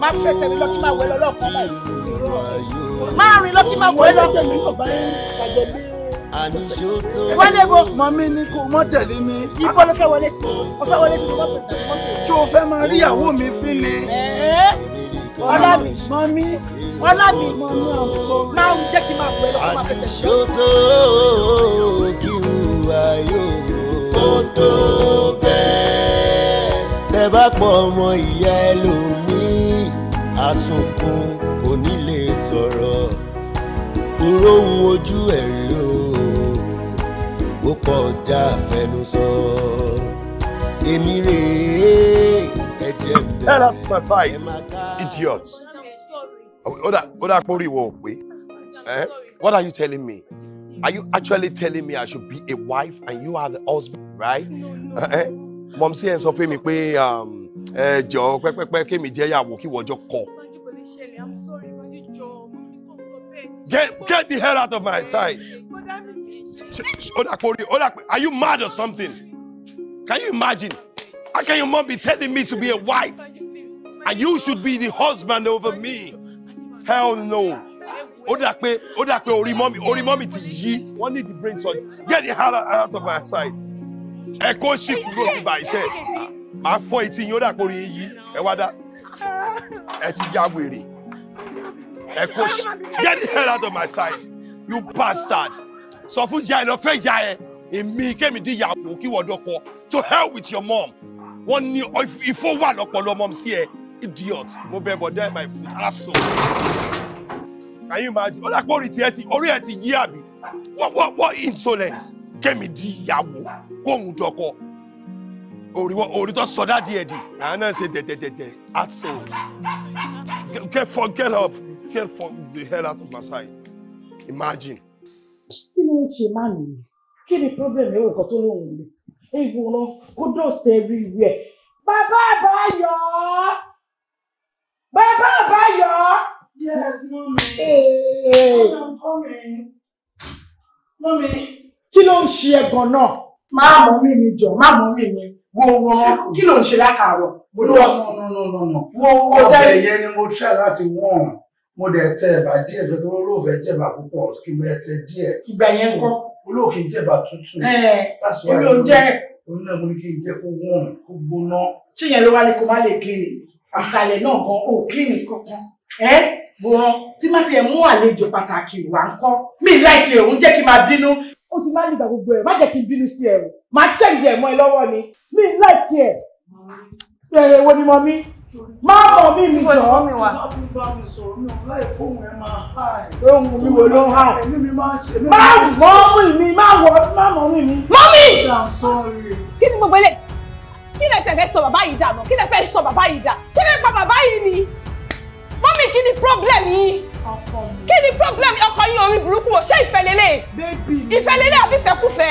máa fẹsẹ̀ mi lọ kí máa wẹ̀ lọ lọ́ọ̀kan báyìí máa rìn lọ kí máa wẹ̀ lọ. wọlé bo. mọ̀mí ni kò mọ̀ tẹ̀lé mi. ibo ló fẹ́ wọlé sí mo fẹ́ wọlé sí mo fẹ́ tẹ̀lé mọ́tò. ṣé o fẹ́ máa rí ìyàwó mi fín ni. ọlá mi mọ̀mí ọlá mi máa ń jẹ́ kí máa wẹ̀ lọ́kọ́ máa fẹsẹ̀ mi. àdìsótó kí wà yóò ó tó bẹ́ẹ̀ tẹ bá pọ̀ ọmọ ìyá ẹlòmíì asunkun kò ní lè sọ̀rọ̀ òróhùn ojú ẹ̀ o ó kọjá àfẹnusọ èmi rèé ẹ̀jẹ̀ bẹ̀rẹ̀ ẹ̀ máa ká. idiot ó dà pé orí pé what are you telling me? Are you actually telling me I should be a wife and you are the husband, right? Mom, see, and so for me, um, ẹ jọ pẹpẹpẹ kémi jẹ kí wọjọ kọ. Get get the hell out of my sight. Are you mad or something? Can you imagine? How can your mom be telling me to be a wife? And you should be the husband over me. Hell no. Ó dà pé ó dà pé orí mọ́mì orí mọ́mì ti yí. Wọ́n need the brain surgery. Get the hell out of my sight. Ẹ̀kọ́ ṣì kúrò nígbà iṣẹ́ máa fọ́ etí yín ó dà kórìí yí ẹ wá dá ẹ ti ya wèrè ẹ kó get the hell out of my sight you bastard sọ fún ìyá ẹ lọ fẹ́ ìyá ẹ èmi kémi di ìyàwó kí wọ́n dọ́kọ to help with your mom wọ́n ní ìfọ́ wà lọ́pọ̀lọ́ mom sí ẹ idiot mo bẹ̀ bọ̀ dẹ́ my foot aso can you imagine ó dàpọ̀ orí tiẹ̀ ti orí ẹ̀ ti yí àbí what what what insolence kémi di ìyàwó kóhun dọ́kọ òrìwọ òrìtọ sọdá díẹ̀ di àwọn náà say, dẹdẹdẹdẹ heart souls get for get up get for the hell out of my side imagine. kí ló ń ṣe máa nìyí kí ni problem yẹn nǹkan tó lóun lò ewu náà kó dọ̀sẹ̀ everywhere bàbá àbáyọ bàbá àbáyọ. yes mummy hey. i'm coming mummy kí ló ń ṣe ẹ̀gàn náà má mọ̀ mí mi jọ̀ má mọ̀ mí mi wo wọn kí ló ń ṣe lákàárọ̀ mo ní wọn sọ wo wọn tẹlẹ ọbẹ yẹn ni mo try láti wọn mo dẹ tẹ ẹ̀bà díẹ̀ fẹ tó lóòfẹ jẹ̀bà púpọ̀ kí mo tẹ díẹ̀ ìgbà yẹn kọ́ olóòkè jẹ̀bà tútù èmi ò jẹ òun náà mo ní kí n jẹ kó wọn kó gbóná. tíyẹn ló wá ní kó má lè kíni àṣàlẹ̀ náà gan ò kíni kankan ẹ gbọ́n tí má ti ẹ̀ mú àlejò pàtàkì wà ń kọ́ mi láìkè òun jẹ́ kí n máa bínú. o ti máa ń nígbà gbogbo ẹ̀ má jẹ́ kí n bínú sí ẹ̀ o máa ṣẹ́ǹjẹ̀ mọ́ ẹ lọ́wọ́ ni mi láìpẹ́ ẹ̀ fẹ̀rẹ̀ wo ni mọ mi má mọ mi mi jọ ọ́ oh, oh, mi wà. ohun mi wo ló ń há o má mọ mi mi má wọ má mọ mi mi. mọ́mí kí ni gbogbo ilé kí lẹ fẹ́ fẹ́ sọ bàbá yìí dà mọ́ kí lẹ fẹ́ sọ bàbá yìí dà ṣé fẹ́ pa bàbá yìí ni mọ́mí kí ni problem yìí kí ni problem ọkọ yín orí burúkú o ṣé ìfẹ́ lélẹ̀ ìfẹ́ lélẹ̀ àbí ìfẹ́kúfẹ́.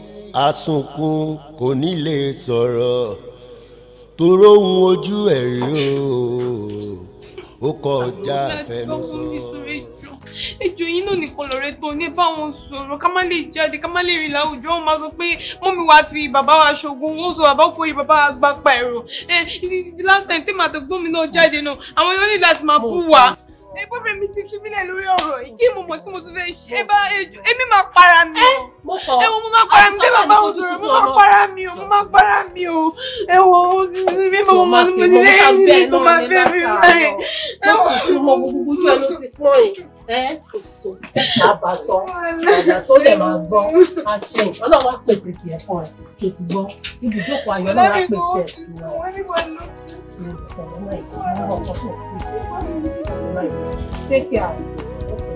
asunkun kò ní lè sọ̀rọ̀ toró ohun ojú ẹ̀ rí o ó kọjá àfẹnusọ. ẹjọ́ yín náà nìkan lọ́rẹ́ tó ní báwọn sọ̀rọ̀ ká má lè jáde ká má lè rìn láwùjọ wọn máa sọ pé mọ́mí wàá fi bàbá wa ṣoògùn ó sọ bàbá fòye bàbá wa gbà pa ẹ̀rọ last time tí màá tó gbọ́n mi náà jáde náà àwọn yóò ní láti máa bú wa ẹ bọ́bẹ̀ mi ti fi mílẹ̀ lórí ọ̀rọ̀ yìí kí mo mọ̀ tí mo tún fẹ́ ṣe ẹ bá èmi máa para mi o ẹ wo mo máa para mi bẹ́ẹ̀ bàbá òun sọ̀rọ̀ mo máa para mi o mo máa para mi o ẹ wo mi mo mọ̀ tí mo ti fẹ́ yẹn ní tó máa fẹ́ mi báyìí. mo sì fi mọ gbogbo ojú ẹ ti pọ́n yìí ẹ àbàsọ àbàsọ lè máa gbọ́ àti ọlọ́run á pèsè tiẹ̀ fún ẹ tó ti gbọ́ ibùjókòó ayọ̀ ọlọ́run á pèsè ẹ̀ fún ẹ. Take care. Okay.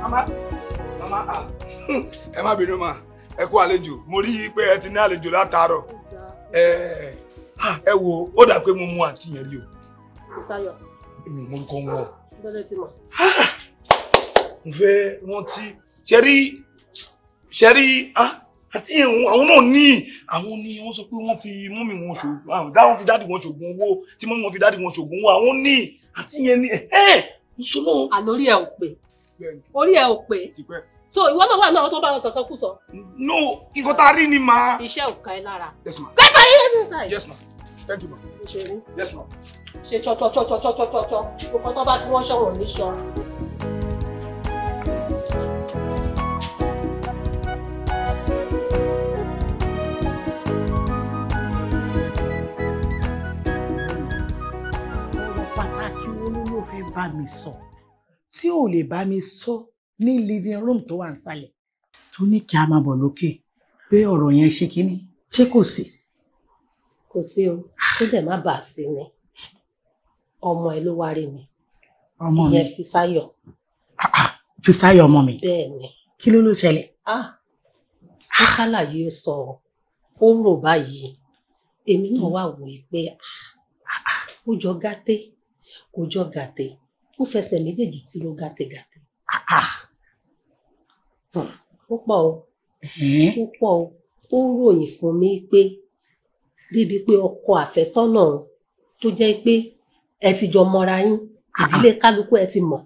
Mama. Mama, ah. Hmm. Ẹ má bínú ma, ẹ kú àlejò, Alejo rí i pé ẹ ti ní àlejò látàárọ̀. Ẹ ah, ẹ wo, ó dà pé mo mú àǹtí yẹn rí o. Ìsáyọ̀. Èmi mo kọ́ wọn. Bọ́lẹ̀ ti mọ̀. Ah! Mo fẹ́ rántí, ṣe rí, ṣe ah àti àwọn náà ní àwọn ni wọ́n sọ pé wọ́n fi mọ́mì wọn ṣògùn dáwọn fi dáàdì wọn ṣògùn owó tí mọ́mì wọn fi dáàdì wọn ṣògùn owó àwọn ní àti yẹn ni ẹ̀ẹ́ ń sọ náà. àlórí ẹ ò pé orí ẹ ò pé so ìwọ náà wà náà tó bá wọn sọsọ kù sọ. no nǹkan tá a rí ni màá. iṣẹ́ ò ká ẹ lára. yes ma. kẹta yìí yes ma. yes ma thank you ma. ṣe yes ma. ṣe tọ́tọ́tọ́tọ́tọ́tọ́tọ́ kókó tó bá fi wọ́n ṣọ̀rọ̀ ní ṣọ́. fẹ́ bá mi sọ tí ò lè bá mi sọ ní living room tó wà nísàlẹ̀ tó ní kí a máa bọ̀ lókè pé ọ̀rọ̀ yẹn ṣe kínní ṣé kò sí. kò sí o kó dẹ̀ má bàa sí ni ọmọ ẹ ló wá rí mi ọmọ mi ìyẹn Fisáyọ̀. Ah, Fisáyọ̀ ọmọ mi bẹ́ẹ̀ni kí ló ló ṣẹlẹ̀. Ah, ó kálàyé ó sọ ó rò báyìí èmi náà wà wò ó pé ah, ó jọ gàtẹ́ kò jọ gàtẹ ó fẹsẹ̀ méjèèjì tí ló gàtẹ gàtẹ. ó pọ̀ o ó pọ̀ o ó ròyìn fún mi pé débi pé ọkọ àfẹ́sọ́nà tó jẹ́ pé ẹ ti jọ mọra yín ìdílé kálukú ẹ ti mọ̀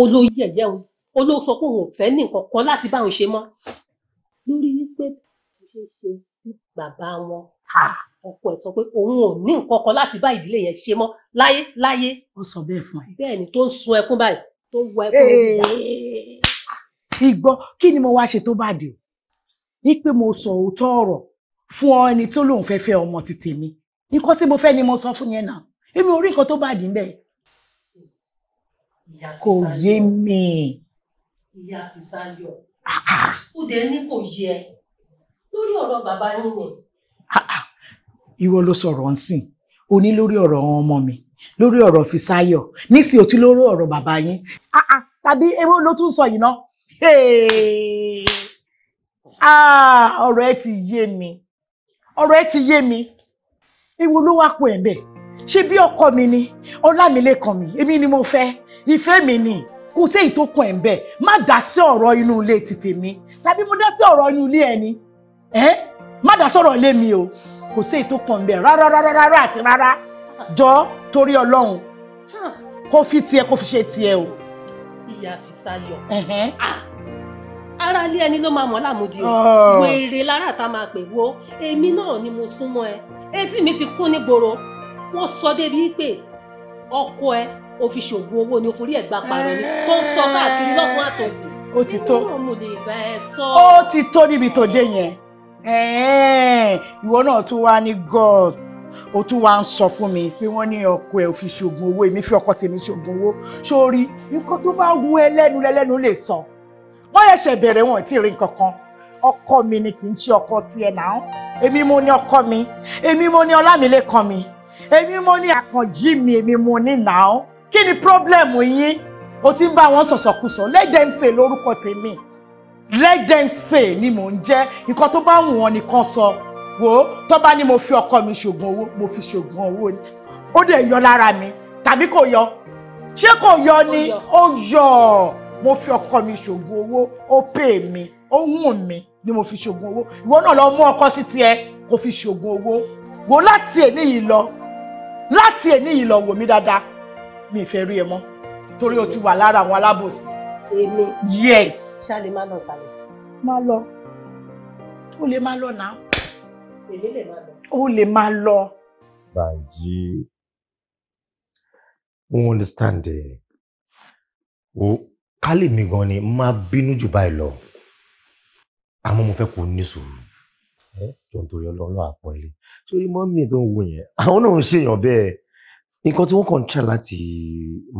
ó ló yẹ̀yẹ́ o ó ló sọ pé òun ò fẹ́ ní nǹkan kan láti bá òun ṣe mọ́ lórí wípé ó ṣe ṣe sí bàbá wọn ọkọ ẹ̀ sọ pé òun ò ní nǹkan kan láti bá ìdílé yẹn ṣe mọ́ láyé láyé. ó sọ bẹ́ẹ̀ fún ẹ. bẹ́ẹ̀ ni tó ń sun ẹkún báyìí tó ń wọ ẹkún nígbà. ìgbọ́ kí ni mo wá ṣe tó bá dé o ní pé mo sọ òótọ́ ọ̀rọ̀ fún ẹni tó lóun fẹ́ fẹ́ ọmọ ti tèmi nǹkan tí mo fẹ́ ni mo sọ fún yẹn náà èmi ò rí nǹkan tó bá dé ń kò yé mi. ìyá fi sáyọ ah, ah. ó dẹ ní kò yẹ lórí ọ̀rọ̀ bàbá yín ìwọ ló sọ̀rọ̀ ń sìn o ní lórí ọ̀rọ̀ àwọn ọmọ mi lórí ọ̀rọ̀ Fisáyọ̀ nísìnyí o tún lórí ọ̀rọ̀ bàbá yín ah, ah, tàbí èwo ló tún sọ yìí ná ah, ọ̀rọ̀ ẹ ti yé mi ọ̀rọ̀ ẹ ti yé mi èwo ló wá kó ẹ̀ bẹ́ẹ̀ ṣé bí ọkọ mi ni ọlámilékan mi èmi ni mo fẹ́ ìfẹ́ mi ni kò sí èyí tó kàn ẹ̀ ń bẹ̀ má dá sí ọ̀rọ̀ inú ilé ti tèmi tàbí mo dá sí ọ̀rọ̀ inú ilé ẹni má dá sọ̀rọ̀ ilé mi o kò sí èyí tó kàn bẹ́ẹ̀ rárá rárá rárá àti rárá jọ torí ọlọ́run kó fi tiẹ̀ kó fi ṣe tiẹ̀ o. ìyá Fisayọ ara lé ẹni ló máa mọ̀ lámùdí o oh. wèrè lára tá a máa pè wo èmi náà ni mo súnmọ́ ẹ etí mi ti kún nígboro wọ́n sọ débi pé ọkọ ẹ o fi ṣògùn owó ni o forí ẹ̀ gba pààrọ̀ ni tó ń sọ káàkiri lọ́tún àtòsí. ó ti tó ó ti tó níbi tó dé yẹn ìwọ náà tún wá ní god o tún wá ń sọ fún mi pé wọ́n ní ọkọ ẹ̀ ò fi ṣoògùn owó èmi fi ọkọ tèmi ṣoògùn owó sórí nǹkan tó bá wù ẹ́ lẹ́nu lẹ́lẹ́nu lè sọ wọ́n ṣẹ̀ṣẹ̀ bẹ̀rẹ̀ wọn tí ì rí nǹkan kan ọkọ mi ni kì í ṣe ọkọ tiẹ̀ náà èmi mo ní ọkọ mi èmi mo ní ọlámilẹ́kan mi èmi mo ní àkànjí mi èmi mo ní náà kí ni problem yín o ti ń bá wọn sọ̀sọ̀kùsọ̀ let them say lórúkọ tèmi let them say ni mò ń jẹ́ nǹkan tó bá wù wọ́n nìkan sọ wo tó bá ní mo fi ọkọ mi ṣògùn owó mo fi ṣògùn owó ni ó dẹ̀ yọ lára mi tàbí kò yọ ṣé kò yọ ni ó yọ mo fi ọkọ mi ṣògùn owó ó pè mí ó wù mí ni mo fi ṣògùn owó ìwọ náà lọ mú ọkọ títí ẹ kó fi ṣògùn owó wo láti èní yìí lọ láti èní yìí lọ wò mí dáadáa mi ì fẹ́ rí ẹ mọ́ torí o ti wà lára àwọn alábòsí èmi. yes. ṣáà lè má lọ sàlẹ̀. má lọ o lè má lọ náà. èmi lè má lọ. o lè má lọ. bàjí n understand ẹ o kálí mi gan ni má bínú jù báyìí lọ àmọ́ mo fẹ́ kó ní sùúrù jọ̀ọ́ torí ọlọ́run àpọ́nlé torí mọ́mí tó ń wò yẹn àwọn náà ń ṣèyàn bẹ́ẹ̀ nǹkan tí wọ́n kàn ń ṣà láti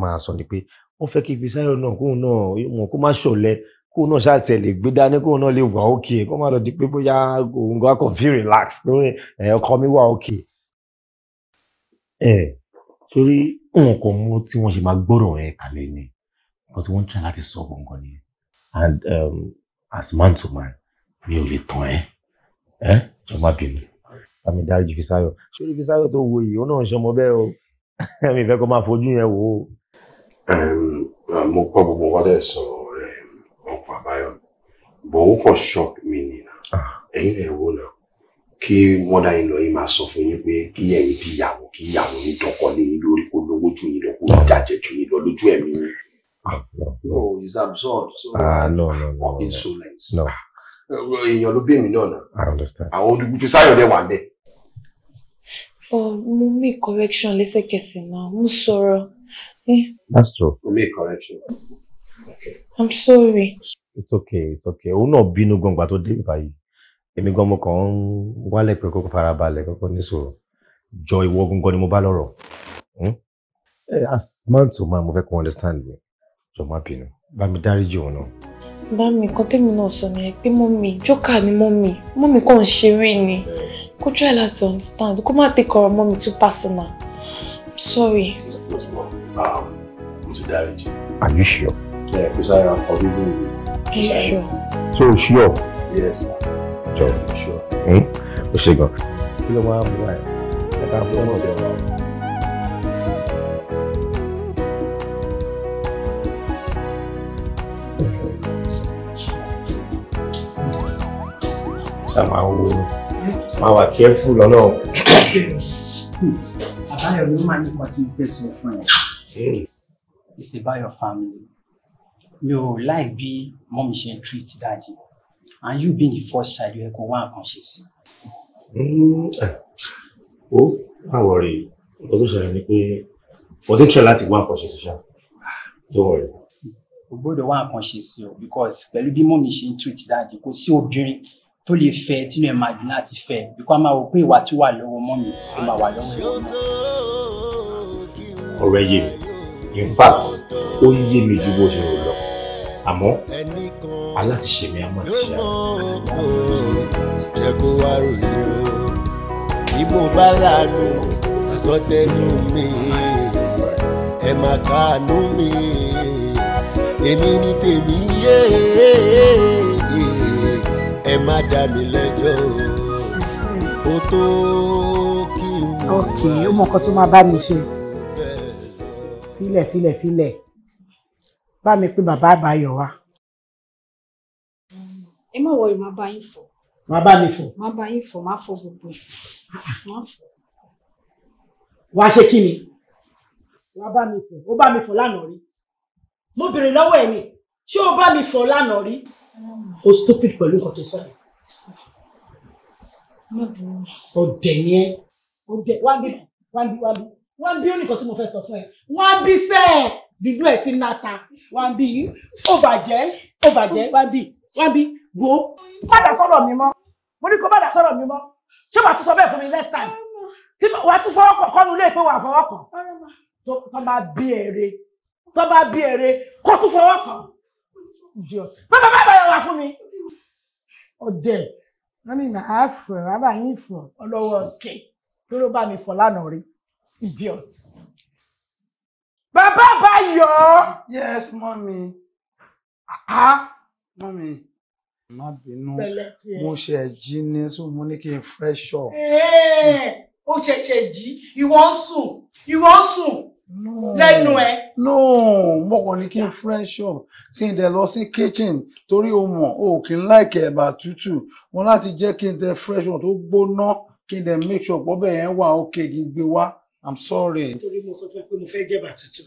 máa sọ ni pé wọ́n fẹ́ kí Fisáyọ̀ náà kóun náà wọn kó má ṣọ̀lẹ kóun náà ṣàtẹ̀lé gbé dání kóun náà lè wà òkè kó má lọ di pé bóyá òun gan kò fi relax lórí ọkọ mi wà òkè. ẹ torí wọn kò mú tí wọn ṣe máa gbọ́rọ̀ ẹ kalẹ̀ ni nǹkan tí ń try láti sọ gbọ̀ngàn ni and um, as man to man mi ò lè tàn ẹ́ ẹ́ jọ má bínú àmì dáríjì Fisáyọ̀ sórí Fisáyọ̀ tó wo yìí ó náà ṣọmọ bẹ́ẹ̀ o mi fẹ́ kó máa fojú yẹn wò ó. Uh, mo gbọ́ gbogbo wọn dẹ̀ sọ̀rọ̀ ọkọ̀ àbáyọ bọ̀ ó kàn shock mi nìyà ah. ẹ̀yin lè wo náà kí wọ́n dá yín lọ yín máa sọ fún yín pé kí ẹ̀yin di ìyàwó kí ìyàwó yín dọ́kọ lé yín lórí kó lówó ju yín lọ kó jàjẹ́ ju yín lọ lójú ẹ̀mí yín. Ah, no it's oh, absurd so ah, no, no, no, insolence. No. Uh, èèyàn ló bí èmi náà náà àwọn olùfisayọ̀ dẹ̀ wà ń bẹ̀. Oh, mo mú correction lẹ́sẹ̀kẹsẹ̀ náà mo sọ̀rọ̀. Yeah. That's true. We make correction. Okay. I'm sorry. It's okay, it's okay. Òun náà bínú gbọ̀ngbà tó dé báyìí. Èmi gan mo kàn ń wálẹ̀ pé kókó fara balẹ̀ kókó níṣòro. Jọ ìwọ gangan ni mo bá lọ́rọ̀. Hmm? Eh, as man to man, mo fẹ́ kó understand me. Jọ má bínú. Bá mi dáríjì òun náà. Bá mi nǹkan tèmi no sọ ni pé mọ́mì jókà ni mommy. Mommy kàn ń ṣeré ni. Kó try láti understand. Kó má take ọ̀rọ̀ mommy too personal. I'm sorry. What's wrong? Um, mo ti dáríjì. Are you sure? Yeah, because I am forgiving you. Kesari. So sure? Yes, sir. So, sure. Eh? O ṣe gan. Kí ló máa ń mú ẹ̀? Ẹ ká fún ọmọ ìjọba. Ṣé máa careful or no? I máa ń nípa tí mo fẹ́ sọ fún ẹ it's about your family mi ò be bí mọ́mí treat daddy. and you being the first child you kó wá nǹkan ṣe sí. ó má wọrí nǹkan tó say ni pé mo ti ń tẹ̀ láti don't worry. We gbọ́dọ̀ wá nǹkan ṣe sí because pẹ̀lú bí be ṣe ń treat daddy. kò sí obìnrin tó lè fẹ́ tí lè máa dùn láti because a máa wò pé ìwà tó wà lọ́wọ́ mọ́mí ló máa wà in fact ó yé mi ju bó ṣe rò lọ àmọ́ alátiṣèmí a máa ti ṣe àárẹ̀ ìbò bá lànà sọtẹnu mi ẹ má kàánú mi èmi ní tèmi yé ẹ má dá mi lẹ́jọ́ o tó kí n wá. ok ó mọ nǹkan tó máa bá mi ṣe filẹ̀ filẹ̀ filẹ̀ bá mi pé bàbá àbáyọ̀ wa. ẹ má wọ ìmọ̀ bá yín fọ. má bá mi fọ. má bá yín fọ má fọ gbogbo ẹ̀ má fọ. wàá ṣe kí ni wàá bá mi fọ ó bá mi fọ lánàá rí mo béèrè lọ́wọ́ ẹ̀ ni ṣé o bá mi fọ lánàá rí o stupid pẹ̀lú nǹkan tó sọ̀rọ̀ ọ̀dẹ̀ ni ẹ ọ̀dẹ̀ wá bí wá bí wá bí wọ́n bí oníkan tí mo fẹ́ sọ fún ẹ wọ́n bí sẹ́ẹ̀ dúdú ẹ̀ ti ń láta wọ́n bí ó bàjẹ́ ó bàjẹ́ wọ́n bí wọ́n bí wo. padà sọ̀rọ̀ mi mọ́ mo ní kó padà sọ̀rọ̀ mi mọ́ ṣé wàá tún sọ bẹ́ẹ̀ fún mi next time tí wàá tún fọwọ́ kàn kọ́nu lé pé wàá fọwọ́ kàn tó bá bí èrè tó bá bí èrè kó tún fọwọ́ kàn bàbá bàbá yẹn wà fún mi ọdẹ wọn ní màá fọ bàbá yín fọ ọlọ́wọ́ ọkẹ tó ló bá mi fọ lánàá rí idiot. Bàbá Báyọ̀. Yes, mommy. Ah, ah. mommy. Má bínú. Mo ṣe jí ní so mo ní kí n fresh up. Eh, ó ṣẹ̀ṣẹ̀ jí, ìwọ ń sùn, ìwọ ń sùn. Lẹ́nu ẹ. No, mo kàn ní kí n fresh up. Tí n dẹ̀ lọ sí kitchen torí o mọ̀ o kì í like ẹ̀bà tútù. Mo láti jẹ́ kí n tẹ fresh up tó gbóná kí n dẹ̀ make sure pọ́bẹ̀ yẹn wà okay kí n gbé wá i'm sorry. nítorí mo sọ fún ẹ pé mo fẹ́ jẹ̀bà tútù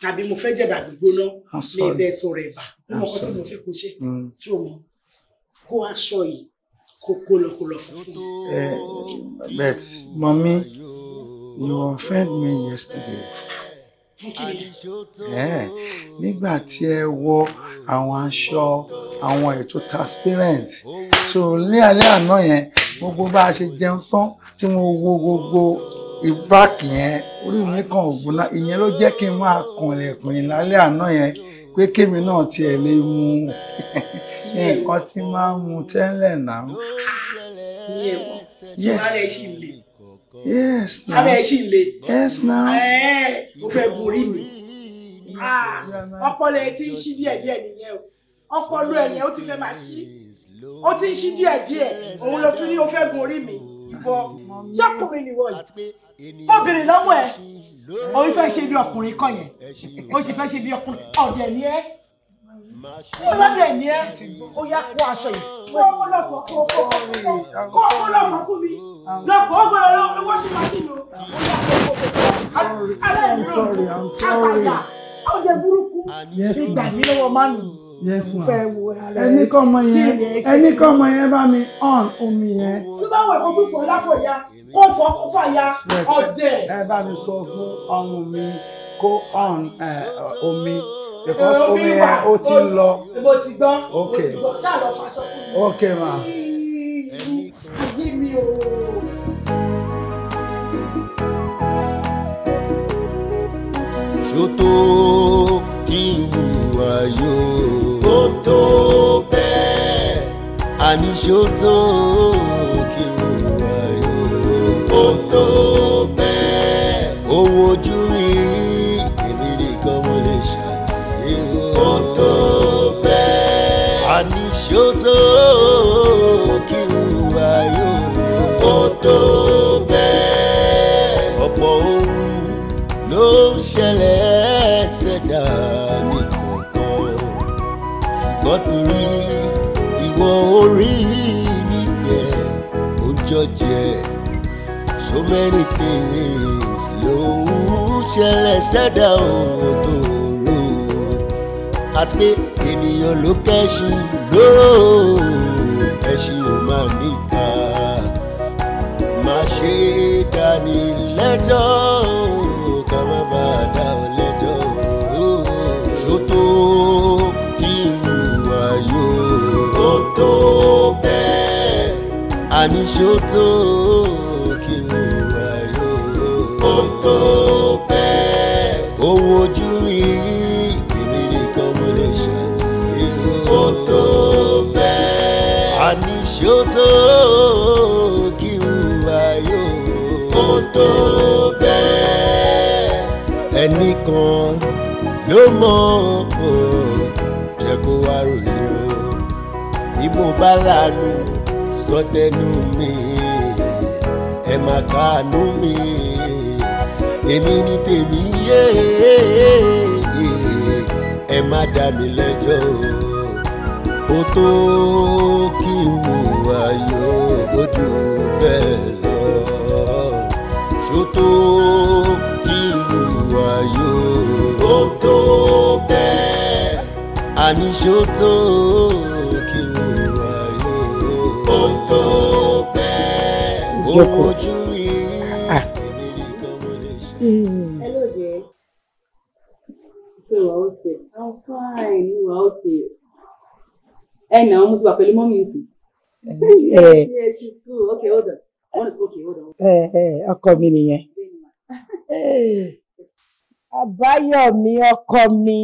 tàbí mo fẹ́ jẹ̀bà gbígbóná ní ibẹ̀ sọ̀rọ̀ ẹ̀bà mo mọ̀ kọ́ tí mo fẹ́ kó ṣe tí mm. o mọ̀ kó aṣọ yìí kó kó lọ kó lọ funfun. ẹ eh, bet mami you offend me yesterday. Yeah. nígbà tí ẹ wọ àwọn aṣọ àwọn ètò transparent so ní alẹ́ àná yẹn gbogbo bá a ṣe jẹun tán tí mo wo gbogbo ìbáàkì yẹn orí mi kan ò gbóná ìyẹn ló jẹ́ kí n máa kàn ilẹ̀kùn ìlálẹ́ àná yẹn pé kémi náà tiẹ̀ lè mu nǹkan tí máa ń mu tẹ́lẹ̀ náà. yes yes na yes na. mo fẹ́ borí mi ah. ọpọlọ ẹ ti ń ṣí díẹ̀díẹ̀ nìyẹn o ọpọlọ ẹ yẹn ó ti fẹ́ máa ṣí ó ti ń ṣí díẹ̀díẹ̀ òun ló tún ní o fẹ́ gun orí mi ìwọ ṣọkùnrin ni wọ́n yìí obìnrin lọ́wọ́ ẹ̀ òun fẹ́ ṣe bí ọkùnrin kan yẹn ó sì fẹ́ ṣe bí ọkùnrin ọ̀dẹ̀ ni ẹ́ ó ni ẹ́ ó yá kó aṣọ yìí kó owó lọ́fọ̀ kó owó lọ́fọ̀ fún mi lọ́kọ̀ ó lọ́wọ́ wọ́n ṣe máa ṣì ó yá kó owó lọ́fọ̀ alẹ́ ìrọ̀rùn àpàdà ọ̀dẹ̀ burúkú ìgbà mi lọ́wọ́ mánu yes ma ẹni kọ́ ọmọ yẹn ẹni kọ́ ọmọ yẹn bá mi on omi yẹn. tí bá wẹ̀ kó fífọ̀ láfọ̀yà kó fọ́ kó fàyà ọ̀dẹ̀. ẹ bá mi sọ fún ọrùn mi kó on omi because omi yẹn ó ti ń lọ. mo ti gbọ́ mo ti gbọ́ ṣáà lọ fàtọ́ fún mi. ok ma. ayé mi o. ṣòtò kí n wà yóò tó bẹ́ẹ̀ àní ṣó tó kí ló wà yìí ó tó bẹ́ẹ̀ owó ojú mi rí èmi nìkan mo lè ṣàlàyé ó tó bẹ́ẹ̀ àní tó kí ló ṣẹ̀dá mi arákùnrin ìwọ orí mi fẹ́ ó jọjẹ so many things ló ń ṣẹlẹ̀ sẹ́dá ohun tó rò àti pé ènìyàn ló kẹ́sìn lóò ẹṣin ò máa níkà má ṣe dání lẹ́jọ́. mi ṣòtò kí wà yóò. ó tó bẹ́ẹ̀. owó ojú mi èmi nìkan mo lè ṣàlàyé. ó tó bẹ́ẹ̀. àní ṣòtò kí n wà yóò. ó tó bẹ́ẹ̀. ẹnìkan ló mọ ọ́ jẹ́ kó wá ròyìn o bí mo bá sọ tẹnu mi ẹ má kàánú mi èmi ní tèmi yé ẹ má dá mi lẹ́jọ́ ó tó kí n wò ayò ojú bẹ́ẹ̀ lọ ṣó tó kí n wò ayò ó tó bẹ́ẹ̀ àní ṣó tó. jókòó. Ah. Hmm. Hello there. Ṣé wàá òkè? I'm fine, mi wàá òkè. Ẹ nà mo ti wà pẹ̀lú mọ́mí nsì. Ọkọ mi nìyẹn. Eh. Àbáyọ̀mí ọkọ mi.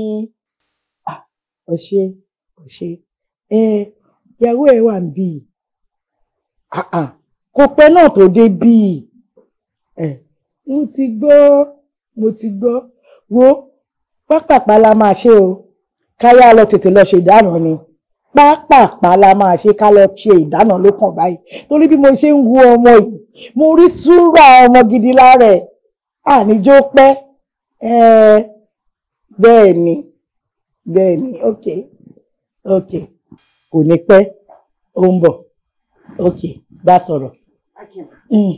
Ọ̀ṣẹ́ ah, ọ̀ṣẹ́ eh, ìyàwó ẹ̀ wà ń bì í kò pẹ́ náà tó dé bíi ẹ̀ mo ti gbọ́ mo ti gbọ́ wo pápápá la máa ṣe o káyà lọ tètè lọ ṣe ìdáná ni pápápá la máa ṣe ká lọ ṣe ìdáná ló kàn báyìí torí bí mo ṣe ń wo ọmọ yìí mo rí súrà ọmọ gidi lára ẹ̀ àníjó pẹ́ ẹ̀ẹ́ bẹ́ẹ̀ ni bẹ́ẹ̀ ni ok ok kò ní pẹ́ ó ń bọ̀ ok bá sọ̀rọ̀ ó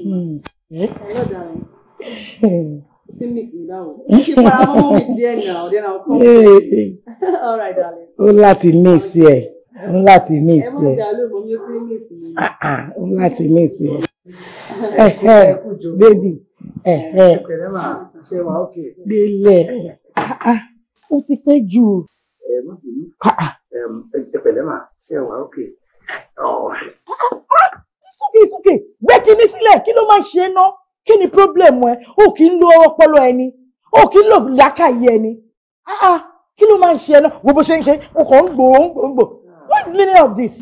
láti miss ẹ ó láti miss ẹ ó láti miss ẹ bébì délẹ̀ ó ti pẹ́ jù. ẹ pẹ̀lẹ́ mà ṣe wà ókè sókè sókè gbé kinní sílẹ̀ kí ló máa ń ṣe é ná kí ni problem ẹ o kì í lo ọpọlọ ẹni o kì í lo làákàyè ẹni kí ló máa ń ṣe ẹ ná gbogbo ṣe ń ṣe o kàn ń gbò ó ń gbò ń gbò what is the meaning of this.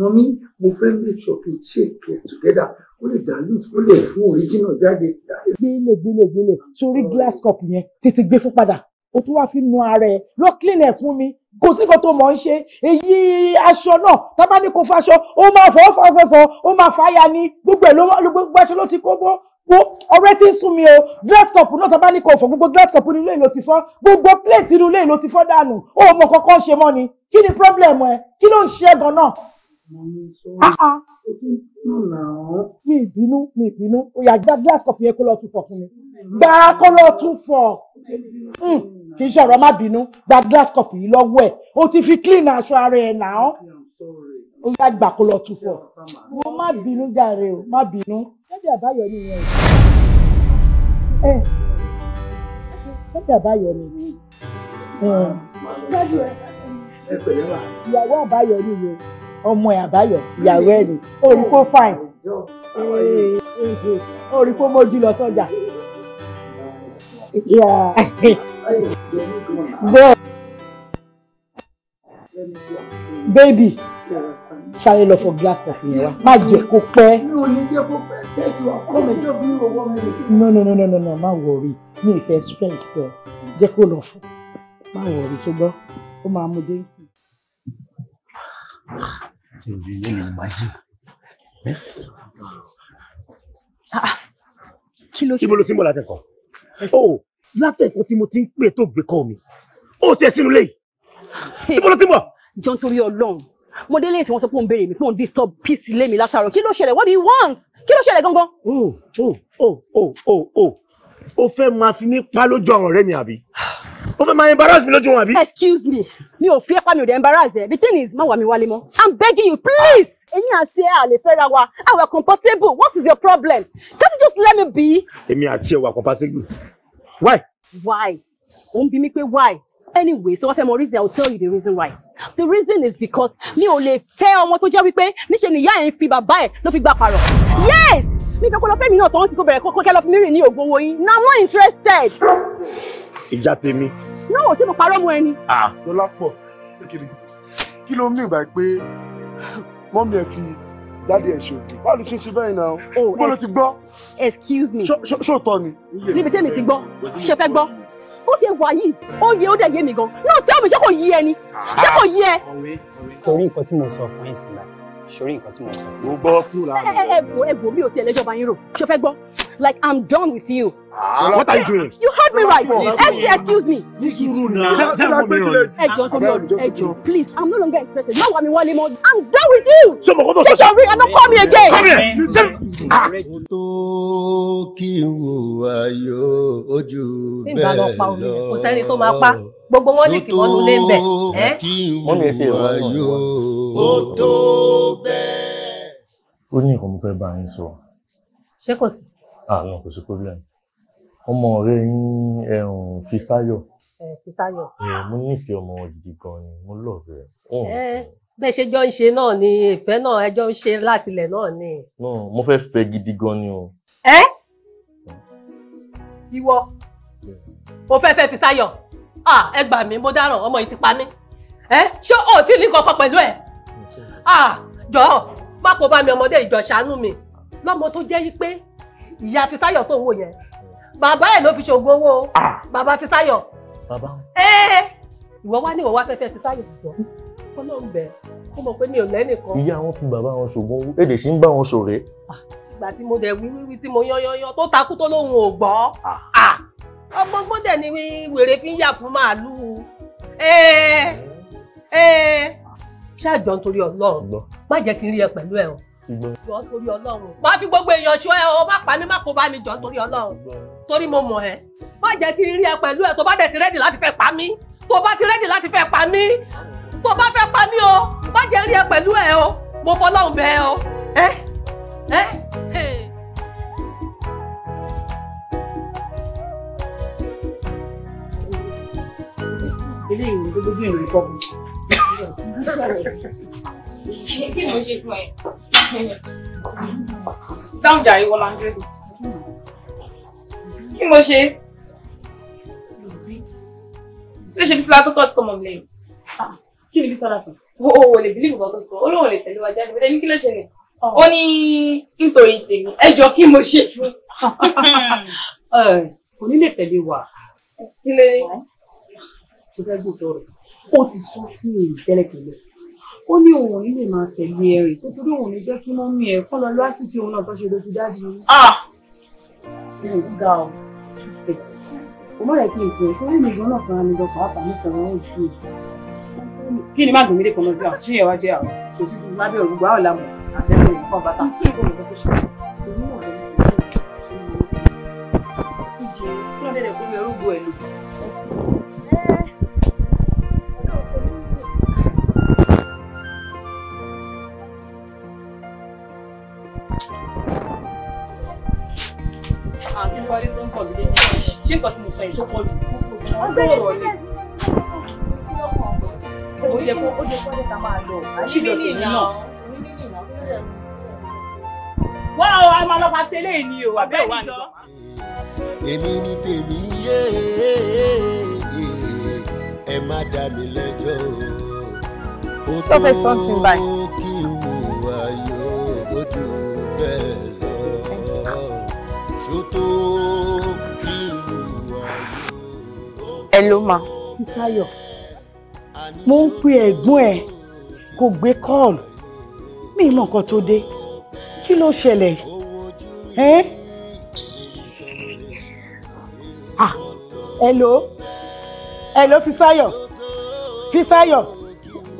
mọ̀mí mo fẹ́ make sure to check together ó lè dilute ó lè fún original jáde. gbélé gbélé gbélé sórí glass cup yẹn tètè gbé fún padà o tún wá fi nu ara ẹ lọ clean ẹ fún mi kò sí nǹkan tó mọ̀ ń ṣe èyí aṣọ náà tábà ní kò faṣọ ó máa fọ́ fọ́fọ́fọ́ ó máa fàyà ni gbogbo ẹ̀ ló gbogbo aṣọ ló ti kó bó wo ọ̀rẹ́ tí ń sún mi o glass cup náà tábà ní kò fọ́ gbogbo glass cup inú ilé ìlò ti fọ́ gbogbo plate inú ilé ìlò ti fọ́ dànù ó mọ kankan ṣe mọ́ ni kí ni problem ẹ kí ló ń ṣe gan náà. Ah, ah. mi ìbínú mi ìbínú ó yá gba glass cup yẹn kó lọ tún fọ́ fún mi gbà kó lọ tún fọ́ kì í ṣe ọ̀rọ̀ má bínú gba glass cup yìí lọ́wọ́ ẹ̀ o ti fi clean aṣọ ara ẹ̀ náà ó yá gbà kó lọ tún fọ mo má bínú jàre o má bínú jáde àbáyọ ni ìyẹn ẹ jáde àbáyọ ni ìyàwó àbáyọ ni ìyẹn ọmọ ẹ àbáyọ ìyàwó ẹ ni orí kó fine orí kó mójú lọ sọ́jà. Yeah. Bẹ́ẹ̀. Bébì, sáré lọ fọ glass cup yẹn wá. Má jẹ́ kó pẹ́. Mi ò ní jẹ́ kó pẹ́ tẹ́jú àkọ́mọ̀ tó bí owó mi. No no no no no no má wọrí mi ìfẹ́ strength ẹ̀ jẹ́ kó lọ fún. Má wọrí ṣùgbọ́n ó máa mú dé sí. Ṣé ìlú ni mo máa jì? Kí ló ṣe? Ibo ló ti ń bọ̀ látẹ̀kọ̀ọ́? o oh, látẹ̀kọ́ tí mo ti ń pè tó gbé kọ́ mi ó tiẹ̀ sínú lé yìí ibo ló ti mọ̀. john torí Ọlọ́run mo délé tí wọn sọ pé òun béèrè mi pé òun disturb peace ilé mi látàárọ̀ kí ló ṣẹlẹ̀ what do you want kí ló ṣẹlẹ̀ gangan. o oh, o oh, o o o o o fẹ́ máa fi mí pa lójú àwọn ọ̀rẹ́ mi àbí o fẹ́ máa embarrass mi lójú wọn àbí. excuse me mi ò fi ẹ́ pa mi ò dé embarrass ẹ the thing is má wà mí wálé mọ́ i'm begging you please èmi àti ẹ àlè fẹ́ra wa àwa compatible what is your problem can't you just let me be. èmi àti ẹ wà comfortable. why. why ò ń bi mí pé why anyway so wọ́n fẹ́ mọ reason i will tell you the reason why the reason is because mi ò fe fẹ́ ọmọ tó jẹ́ wípé níṣẹ́ ni ìyá ẹ̀ ń fi bàbá ẹ̀ ló fi gbà parọ́ yes mi fẹ́ kó lọ fẹ́ mi náà tọ́wọ́n ti kó bẹ̀rẹ̀ kókó kẹ́ lọ fi mí rìn ní ògbówó yín na i'm not interested. ìjà tèmi. No, ṣé mo parọ́ mọ́ ẹni. ah lọ́lá pọ̀ kí ló mú ìgbà pé mọ́mí ẹ̀ fi dáàdi ẹ̀ ṣe òkè báwo ló ṣe ń ṣe bẹ́ẹ̀ náà oh, bó ló ti gbọ́. excuse me ṣóòtọ́ ni. níbi tí èmi ti gbọ́ ṣe fẹ́ gbọ́ bó ṣe wà yìí ó yẹ ó dẹ̀ yé mi gan náà tell me ṣé kò yí ẹ ni ṣé kò yí ẹ. torí nǹkan tí mo sọ fún yín náà sórí nǹkan tí mo sọ fún. mo gbọ́ kúrò láàrin. ẹ ẹ ẹ̀bùn ẹ̀bùn mi ò tiẹ̀ lẹ́jọ́ bá yín rò ṣe fẹ́ gbọ́ like i'm done with you. Ah, what are you doing? you heard me right excuse, excuse me. ní sùúrù náà ṣé ṣé mo bẹ̀rẹ̀. ẹjọ tó lọ ẹjọ please i'm no longer interested má wà mí wọlé mọ́ i'm done with you. ṣé mo kó tó sọ ṣe. take your ring and don't call me again. come here ṣe. Ah. mo tó kí n wo ayọ̀ ojú bẹ́ẹ̀ lọ. kò sẹ́ni tó máa pa gbogbo wọn ní kí wọn lulẹ ń bẹ. mọ́mí ẹ ti rọ ọ́ ó tó bẹ́ẹ̀. ó ní nǹkan mo fẹ́ bá yín sọ. ṣé kò sí. àná kò sí problem ọmọ ọ̀rẹ́ yín ẹ̀rùn Fisáyọ̀. Fisáyọ̀. mo nífẹ̀ẹ́ ọmọ gidi gan ni mo lọ́ọ̀rẹ́ bẹ́ẹ̀ ṣe jọ ń ṣe náà ni ìfẹ́ náà ẹjọ́ ń ṣe látilẹ̀ náà ni. mo fẹ́ fẹ́ gidi gan ni o. ẹ ìwọ o fẹ́ fẹ́ Fisáyọ̀ ah ẹ gbà mí mo dáràn ọmọ yìí ti pa mí ẹ ṣé o tí ní kankan pẹ̀lú ẹ̀ ah jọ má kó bá mi ọmọdé ìjọ ṣàánú mi lọ́mọ tó jẹ́ pé ìyá Fisáyọ̀ tó ń wò yẹn bàbá ẹ̀ ló fi ṣògùn owó bàbá Fisáyọ̀ bàbá ìwọ wá ní ìwọ wá fẹ́fẹ́ Fisáyọ̀ jọ Ọlọ́run bẹ̀ ó mọ̀ pé mi ò lẹ́nìkan. ìyá wọn fi bàbá wọn ṣògùn owó èdè sì ń bá wọn ṣòrè. ìgbà tí mo dẹ̀ wí tí mo yán yán yán tó takú tó lóhun ò gbọ́ ọgbọ́ngbọ́n dẹ̀ ni wèrè fi ń yà fún màálùú ṣáàjọ nítorí ọlọ́run má jẹ́ kí n rí ẹ pẹ̀lú ẹ o jọ torí ọlọ́run má fi gbogbo èèyàn ṣọ́ ẹ o má pa mí má kó bá mi jọ torí ọlọ́run torí mo mọ̀ ẹ má jẹ́ kí n rí ẹ pẹ̀lú ẹ tó bá dẹ̀ ti rẹ́dì láti fẹ́ pa mí tó bá ti rẹ́dì láti fẹ́ pa mí tó bá fẹ́ pa mí o má jẹ́ rí ẹ pẹ̀lú ẹ o mo fọlọ́run bẹ́ẹ̀ o ẹ ẹ. tó lójú ìrìn kọ́ fún mi. ṣé kí mo ṣe fún ẹ? sáwọn jàre wọlá ń dúró. kí mo ṣe? ló ṣe bísí látọ́kọ̀ tó mọ̀ lẹ́yìn. kí ni bísí ọ̀la sọ? wo owó lè bílíìfù kan tó kọ olóhùn lè tẹ̀lé wa jáde bẹ́ẹ̀ ní kí ló ṣẹlẹ̀? ó ní nítorí tèmi ẹ jọ kí mo ṣe fún. kò ní lè tẹ̀lé wa. kí ló ní? tó fẹ́ gbọ́dọ̀ rẹ̀ ó ti sọ fún èrè tẹ́lẹ̀tẹ́lẹ̀ ó ní òun ní lè máa tẹ̀lé ẹ rè tó torí òun ní jẹ́ kí mọ́mí ẹ kọ́ lọ lásìkò òun náà tó ṣe lójú dájú. Ah! ga ọ kò má yẹ kí n pè é sórí mi gan náà fúnra mi gan pàápàá mi fẹ́ràn ó ju kí ni má gbèmí lè kọ́nà bíi àṣìyẹ wá jẹ́ àwọn kò sí bí má bẹ̀rù gbogbo àwọn làmù àtẹ̀sẹ̀ nǹkan bàtà kí èkó mi kọ́kọ́ ṣe. ìjẹ́ kí wọ́n dẹ̀ ṣé nǹkan tí mo sọ yìí ṣó pọ̀ jù. ọgbẹ́ yẹn sílẹ̀ ó jẹ kó ó jẹ kó máa lọ àṣírí ní ìlà wá o a máa lọ bá tẹ́lẹ̀ ni o àbẹ́ ìwà èmi ni tèmi yé ẹ má dá mi lẹ́jọ́ o. tó fẹ́ sọ́ọ̀sì báyìí. Hello ma. Fisáyọ̀ mo ń pe ẹ̀gbọ́n ẹ̀ kò gbé kọ́ọ̀lù mi mọ̀ nǹkan tó dé kí ló ṣẹlẹ̀ ẹ́ ah hello hello Fisáyọ̀ Fisáyọ̀.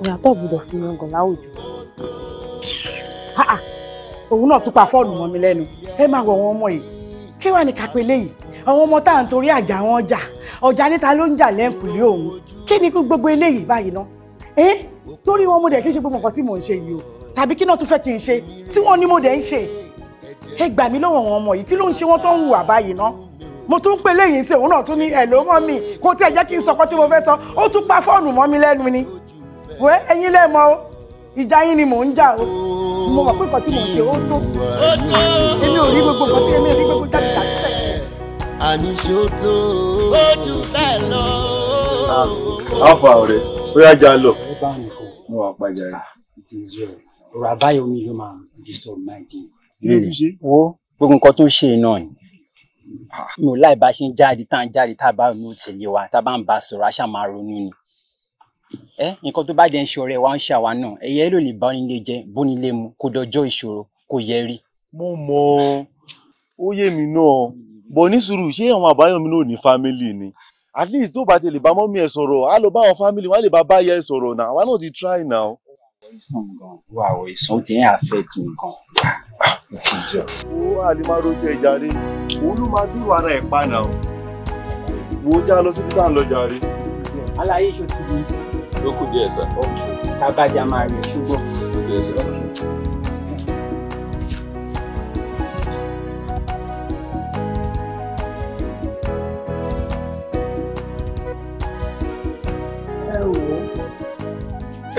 ìyàtọ̀ gbọ́dọ̀ fi yan gàn láwùjọ. òun náà tún pa fọ́ọ̀nù mọ́ mi lẹ́nu ẹ máa wọ àwọn ọmọ yìí kí wàá ní kápẹ́ léyìí àwọn ọmọ tá à ń torí àjà wọn jà ọ̀jà níta ló ń jà lẹ́ǹkùlé òun kí ni gbogbo eléyìí báyìí ná ẹ torí wọn mo dẹ̀ ṣe ṣe gbogbo nǹkan tí mò ń ṣe yìí o tàbí kí náà tún fẹ́ kí n ṣe tí wọ́n ní mo dẹ̀ ń ṣe ẹ gbà mí lọ́wọ́ wọn ọmọ yìí kí ló ń ṣe wọ́n tó ń hùwà báyìí ná mo tún ń pè léyìí sí òun náà tún ní ẹ̀ ló mọ́ mi kó tiẹ̀ jẹ́ kí n sọkọ́ tí mo fẹ́ sọ ó tún pa fóònù mọ́ mi lẹ́nu ni wẹ́ ẹ̀yin lẹ́ẹ̀mọ́ o ìjà yín ni mò ń jà o mo mọ̀ pé nǹkan tí mò ń ṣe ó tó èmi ò rí gbogbo nǹkan tí èmi ò rí gbogbo jáde jáde sẹ́yìn àníṣòtò ojú bẹ́ẹ̀ lọ. Ah, alfa ọ̀rẹ́ ó yá já lọ. mo wà pàjá rẹ̀. ọ̀rọ̀ àbáyọ mi ló máa disturb my day. wo gbogbo nǹkan tó ṣe náà ni mi ò láì bá ṣe ń jáde tá à ń jáde tá a bá ronú tẹ̀lé wa tá a bá ń bá sọ̀rọ̀ àṣà máa ronú ni ẹ nǹkan tó bá dẹ̀ ń ṣe ọ̀rẹ́ wa ń ṣe àwa náà ẹ̀yẹ ló lè bá onílé jẹ bónílé mu kó dọjọ́ ìṣòro kó yẹ rí. mo mọ ó yé mi náà bọ̀ ní sùúrù ṣé àwọn àbáyọ̀mí náà ní fámìlì ni at least tó bá ti lè bá mọ́mí ẹ sọ̀rọ̀ á lọ bá àwọn fámìlì wọn á lè bá báyà ẹ sọ̀rọ̀ náà àwa náà ti try now. wà á ìsàn ó ti ń affect mi gan. owó àlè máa ro ti ẹja rí òun ló máa dúró ara ẹ̀ pa náà wò ó já lọ sí títà lọ́jà rí. aláyé ìṣòtú mi. ló kù díẹ̀ sá. tábàjá máa rí ṣùgbọ́n.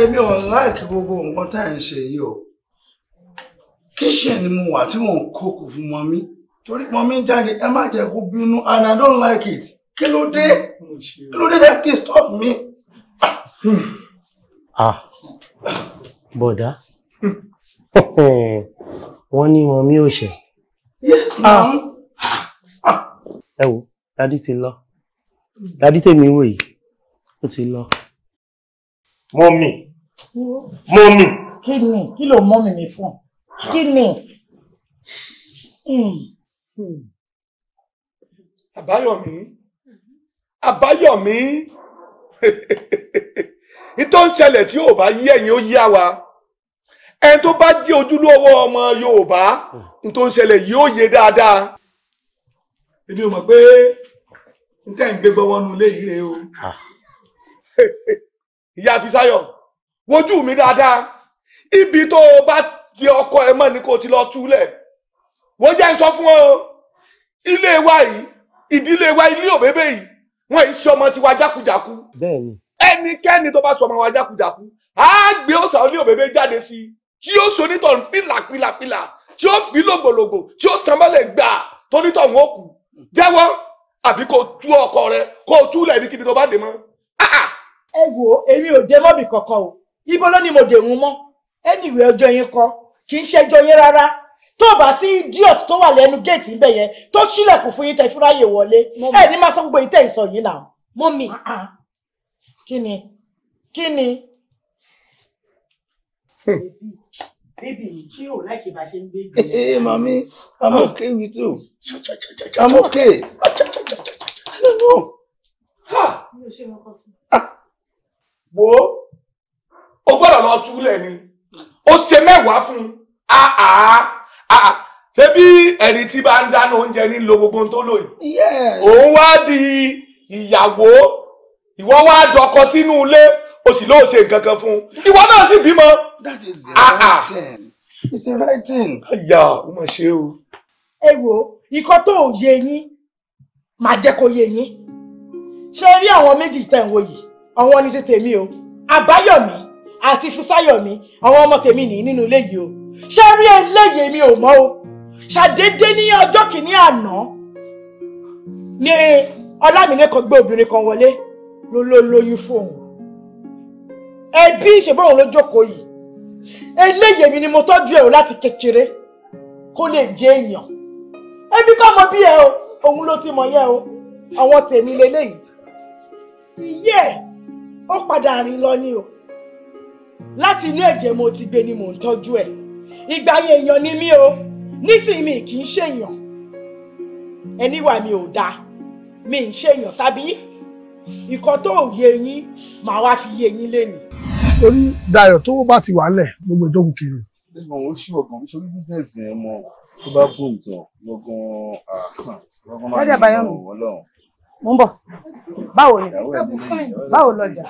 èmi ò láìkí gbogbo nǹkan tá à ń ṣe yìí o kíṣìn ni mo wà tí mò ń kókò fún mọ́mí torí mọ́mí ń jáde ẹ má jẹ́ kó bínú and I don't like it kí ló dé kí ló dé that kid stop me. ah, ah. bọ̀dá wọ́n ní mọ́mí ò ṣẹ̀. yes ma'am. Ah. Ah. ẹ wo dádì ti lọ dádì tèmi wò yìí ó ti lọ. mommy? mọ́mì. kí ni kí ló mọ́mì mi fún kí ni. Hmm. Hmm. àbáyọ̀mí àbáyọ̀mí ìtọ́ ń ṣẹlẹ̀ tí ò bá yí ẹ̀yin ó yá wa ẹni tó bá jẹ́ ojúlówó ọmọ Yorùbá ní hmm. tó ń ṣẹlẹ̀ yìí ó yé dáadáa èmi ò mọ̀ pé n tẹ́ ń gbégbọ́ wọnú ilé yìí o ìyá Fisáyọ̀ wojú mi dáadáa ibi tó o bá ti ọkọ ẹ mọ́ ni kò ti lọ túlẹ̀ wọ́n jẹ́ sọ fún ọ ilé wa yìí ìdílé wa ilé òbébé yìí wọ́n yìí sọmọ tiwa jákujàku ẹnikẹ́ni tó bá sọmọ wa jákujàku á gbé òòsà ilé òbébé jáde sí tí ó so onítọ̀hún fìlàfìlàfìlà tí ó fi lògbòlògbò tí ó sanmọ́lẹ̀ gbà tónítọ̀hún òkú jẹ́wọ́ àbí kò tú ọkọ rẹ kò túlẹ̀ ibi kíbi tó bá dé mọ́. Ah, ah. ẹ wo èmi ò dé mọ́bì kankan o ibo ló ni mo dèrún mọ́ ẹnìwé ọjọ́ yín kọ kì í ṣẹjọ́ yín rárá tó bá sí idiot tó wà lẹ́nu géètì ń bẹ̀ yẹn tó ṣílẹ̀kùn fún yín tẹ fúráyè wọlé ẹ ní máa sọ gbogbo ìtẹ̀ ìsọ yìí náà. mọ́mì. Ah, ah. kí ni kí ni. Hmm. bébì mi ṣé ò láìkí bá ṣe ń gbé gbé. ee eh, eh, mami i'm ah. okay with you i'm okay i don't know. wo o gbọ́dọ̀ lọ túlẹ̀ ni ó ṣe mẹ́wàá fún un àà ṣé bí ẹni tí bá ń dáná oúnjẹ ní lo gbogbo ohun tó lò yìí òun wá di ìyàwó ìwọ wá dọkọ sínú ilé o sì lóò ṣe nǹkan kan fún un ìwọ náà sì bímọ àà. it's the right thing. àyà ó mà ṣe o. ẹ wo ikọ́ tó ò yé yín màá jẹ́ kó yé yín ṣé rí àwọn méjì tẹ̀ ń wo yìí àwọn ní tètè mi o àbáyọ̀mí àti Fisáyọ̀mí àwọn ọmọ tèmi nìyí nínú ilé yìí o ṣé rí eléyìí mi ò mọ̀ o ṣàdédé ní ọjọ́ kìíní àná ni Ọlámilékan gbé obìnrin kan wọlé ló ló lóyún fún òun ẹbí ìṣègbè òun ló jókòó yìí eléyìí èmi ni mo tọ́jú ẹ̀ o láti kékeré kó lè jẹ́ èèyàn ẹbí kọ́ mọ bí ẹ o òun ló ti mọ yẹ o àwọn tèmi lélẹ́yìí ìyẹ́ ó padà rìn lọ ni o láti inú ẹ̀jẹ̀ mo ti gbé ni mò ń tọ́jú ẹ̀ ìgbà yẹn èèyàn ni mí o nísìnyí mi kì í ṣèyàn ẹni wà mi ò dáa mi ń ṣèyàn tàbí ìkan tó yé yín màá wá fi yé yín lénìí. torí Dayọ̀ tó bá ti wà ń gbogbo ìdókun kiri ọ̀hún ṣí ọ̀gàn ṣe orí bísínẹ́sì yẹn mọ tó bá bùn tán lọ́gán lọ́gán ah, máa ń sọ ọ̀wọ́ lọ́hùn. mo ń bọ̀ báwo ni báwo lọ́jà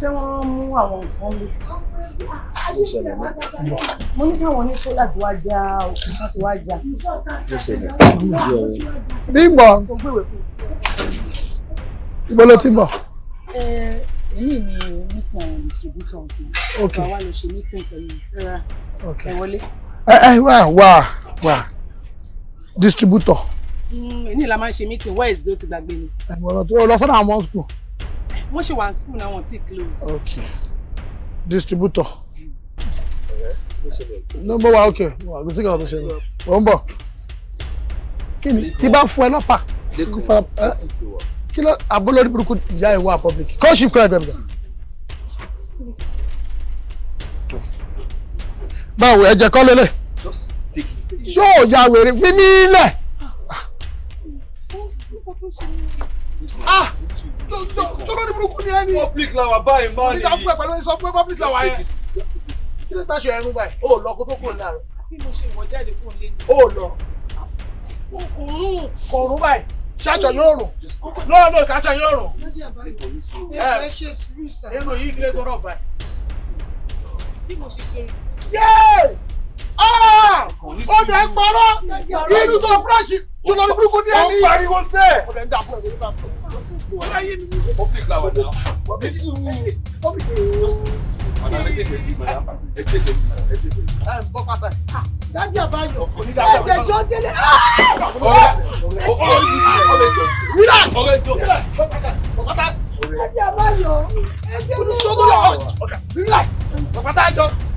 ṣé wọ́n mú àwọn nǹkan mi. ló ṣẹlẹ̀ náà. mo ní káwọn ní kó láti wá já òkú láti wá já. ló ṣẹlẹ̀ bí mọ̀ ibo ló ti mọ̀. èmi ni meeting àwọn distributor ọ̀gbìn. ok ṣé àwa lè ṣe meeting pẹ̀lú rárá ẹ ẹ ẹ wá wá wá distributor. Hmm, èmi la máa ń ṣe meeting Wednesday ó ti gbàgbé mi. ẹ̀mọ̀ràn tó lọ sọ́dọ̀ àwọn school wọ́n ṣì wà ní school náà wọ́n ti close. ok distributor. no mo wa ok mo wa gbèsè kan tó ṣe lọ mo ń bọ̀ kí ni tí bá fún ẹ lọ́pàá kí fara ẹ kí ló abolórí burúkú ìyá ẹ̀ wá public kọ́ọ̀ṣì kúrẹ́ gbẹ̀gbẹ̀. báwo ẹ jẹ kọ́ lélẹ̀ yóò ya wèrè fi mí lẹ̀. ah, ah tọ́lọ́ ní burúkú ni ẹ ní. public la wà báyìí máa ní. nígbà fún ẹ pẹ̀lú sọ pé public la wà yẹn. kí ló tàṣọ ẹnu báyìí ó lọ kó tó kúrò láàárọ̀. bí mo ṣe ìwọ jáde kúrò lé ní. ó lọ. kò rún. kò rún báyìí ṣáṣọ yóò rùn lọ́ọ̀lọ́ ìkáṣọ yóò rùn. ẹ ẹ eh. ṣe sùúrù sàn ó dẹ̀ parọ́ inú tó fúráṣì tó lọ ní burúkú ní ẹni. ó pariwo sẹ́. ó dẹ̀ ń dà fún ẹ̀rọ ó fi gbà wà náà. Ọ̀nà ẹgbẹ́ ìgbẹ́ ìgbẹ́ ìgbẹ́ ìgbẹ́. Ẹ bọ́ pátá. Ah, Dájú àbáyọ̀. Ẹ̀jẹ̀ jọ délé. Ah! Ọ̀rẹ́ ọ̀rẹ́ jọ. Wílà. Ọ̀rẹ́ jọ. Wílà. Bọ́ pátá. Bọ́ pátá. Dájú àbáyọ̀. Ẹ̀jẹ̀ jọ délé. Wílà. Bọ́ pátá jọ.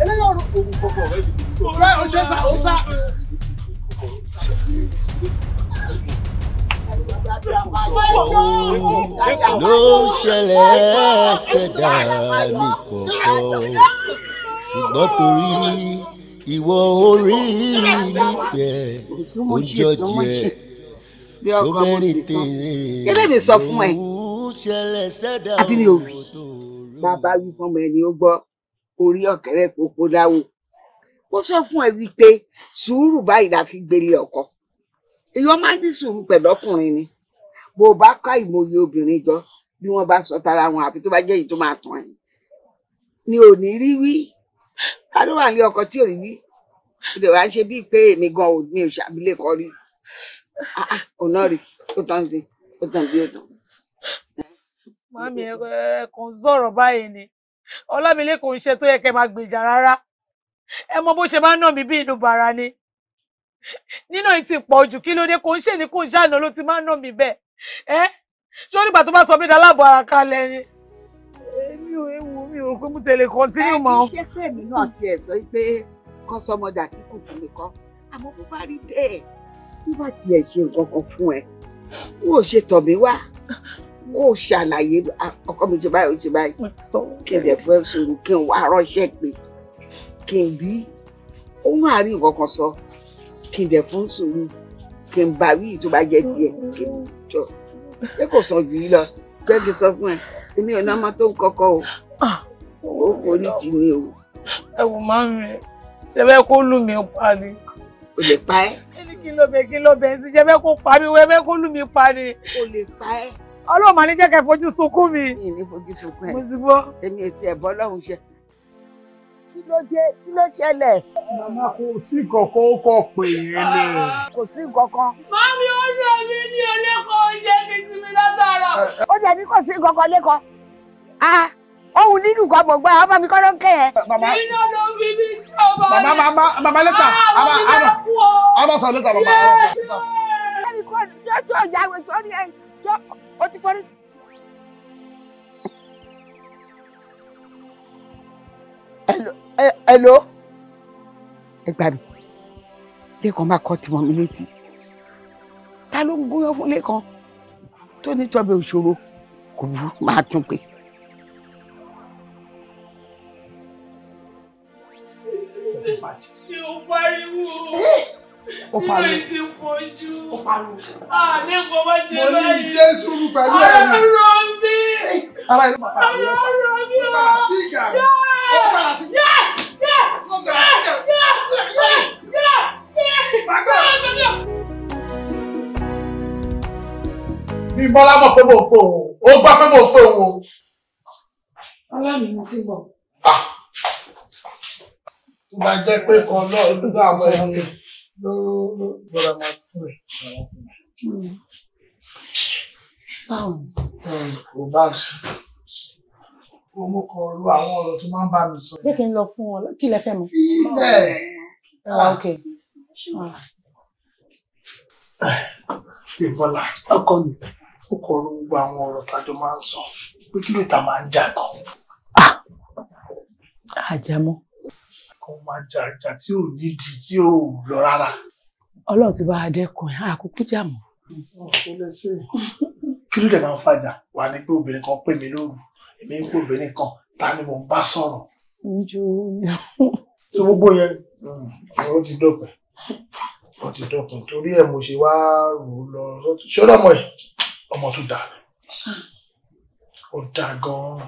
eléyà ọ̀rọ̀ rẹ o ṣe sá o sá. ló ṣẹlẹ̀ ṣẹ̀dá mi kọ̀ọ̀kan ṣùgbọ́n torí ìwọ orí níbẹ̀ ó jọjẹ so many things. kí ló dé sọ fún ẹ àbí mi ò wí bá bá wí fún ọmọ ẹni ó gbọ́ orí ọ̀kẹ́rẹ́ pópó dáwò mo sọ fún ẹ wípé sùúrù báyìí la fi gbélé ọkọ ìyọ máa ń ní sùúrù pẹ̀lú ọkùnrin ni bó o bá ká ìmòye obìnrin jọ bí wọ́n bá sọ tara wọn àfi tó bá jẹ́ èyí tó máa tàn yín ni ò ní rí wí ká ló wà ní ọkọ tí ò rí o ìdè wa ń ṣe bíi pé èmi gan ò ní oṣù abilékọ rí ọ̀nà ah, ah, rí ó tán sí ó tán bí ó tán màmí ẹ kàn sọ̀rọ̀ báyìí ni ọlámilékun ń ṣe tó yẹ kẹ́ máa gbèjà rárá ẹ mọ bó ṣe máa ń nà mí bí inú bàrà ni nínà yìí ti pọ̀ jù kí ló dé kò ń ṣe ní kò ń ṣàná ló ti máa ń nà mí bẹ́ẹ̀ ẹ ṣó nígbà tó bá sọ mí da aláàbò ara kalẹ̀ ni èmi ò ewu mi ò pé mo tẹ̀lé continue mọ́. ẹ kí ṣé èmi náà tiẹ̀ sọ pé kọ́ sọmọdà kíkù fún mi kọ́ àmọ́ bó bá rí bẹ́ẹ̀ bí bá tiẹ̀ ṣe nǹkan kan fún ẹ n ò ṣe tọ̀ mí wá ó ṣàlàyé ọkọ mi ṣe báyìí ó ṣe báyìí kí n dẹ̀ fẹ́ sọ̀rọ̀ kí n wá ránṣẹ́ pé kí n bí ó máa rí nǹkan kan sọ kí n dẹ̀ fún sọ̀rọ̀ kí n bá wí tó bá jẹ́ tiẹ̀ kí n jọ pé kò sàn jù yí lọ jẹ́ sọ fún ẹ èmi ò ní ọmọ tó ń kọ́kọ́ o ah, ó forí jì mí o. ẹ wò máa ń rìn ṣe fẹ́ kó lù mí pa ni. o lè pa ẹ́. kí ló bẹ kí ló bẹ ṣiṣẹ́ fẹ́ kó pa mí wẹ́ fẹ́ kó lù mí pa ni. o lè pa ẹ́ ọlọ́run máa ní jẹ́ kẹ́ fojú sunkún mi. mi ní fojú sunkún ẹ mo ti gbọ́. èmi ètò ẹ̀bọ́ lọ́hùn ṣe. kí ló dé kí ló ṣẹlẹ̀. màmá kò sí kankan ó kọ pè é lè. kò sí kankan. mami ó ṣe mí ní ẹlẹ́kọ̀ọ́ oúnjẹ mi ti mi lọ́sàrọ̀. ó jẹ́ mi kò sí kankan lẹ́kọ̀ọ́. ah ohun nínú kan mọ̀ gbọ́ ọmọ mi kọ́ ló ń kẹ́ ẹ. iná ló fi ní ṣọba rẹ. màmá màmá màmá lẹ́tà àmà àmà àmà sọ lẹ́tà màmá. ẹnì kan jọ́jọ́ ìyá rẹ̀ sọ́ni ó ti forí. ẹ ló ẹ gbà mí lẹ́kàn máa kọ́ tìmọ̀ mi létí ta ló ń gúnyán fún lẹ́kàn tó ní tọ́bẹ̀ òṣòro kò burú máa tún pé. Eh! ó pariwo ó pariwo rojú. ó pariwo. àmì kò má ṣe báyìí. mo ní jésù pẹ̀lú ẹ̀rọ. ọ̀rọ̀ mi. ara ìlú bàbá mi. ọ̀rọ̀ mi o. ó padà sí ìgbà mi. ó padà sí ìgbà ó padà sí ìgbà bí bọ́lá mọ̀ pé mò pò òun ó gbà pé mò pò òun. bọ́lá mi mo ti bọ̀. tó jẹ́ pé kan náà ló dá àwọn ẹ̀sìn ló ló bọ̀rọ̀ máa báwo hmm. kò bá ṣe mo kọ lu àwọn ọ̀rọ̀ tó máa ń bá mi sọ. jẹ́ kí n lọ fún ọ kí lẹ fẹ́ mu. fílẹ̀. Ah, ah, ok. ìbọ̀là ọkọ mi ó kọ lu gbogbo àwọn ọ̀rọ̀ tájọ máa ń sọ pé kí ló ta máa ń jà kan. Ah! àjàmọ́. kò máa jà ìjà tí ò nídìí tí ò lọ rárá. Ọlọ́run ti bá a dẹ́kun ẹ̀ àkókò jà mọ́. kí ló dé máa ń fàjà wà ní pé obìnrin kan pè mí lóru èmi ń pè obìnrin kan ta ni mò ń bá sọ̀rọ̀. njó tó gbogbo yẹn ọ̀rọ̀ hmm, ti dọ̀pẹ̀ ọ̀rọ̀ ti dọ̀pẹ̀ torí ẹ̀ mo ṣe wá rò lọ ṣọ́dọ̀ ọmọ ẹ̀ ọmọ tó dáa ó dáa gan-an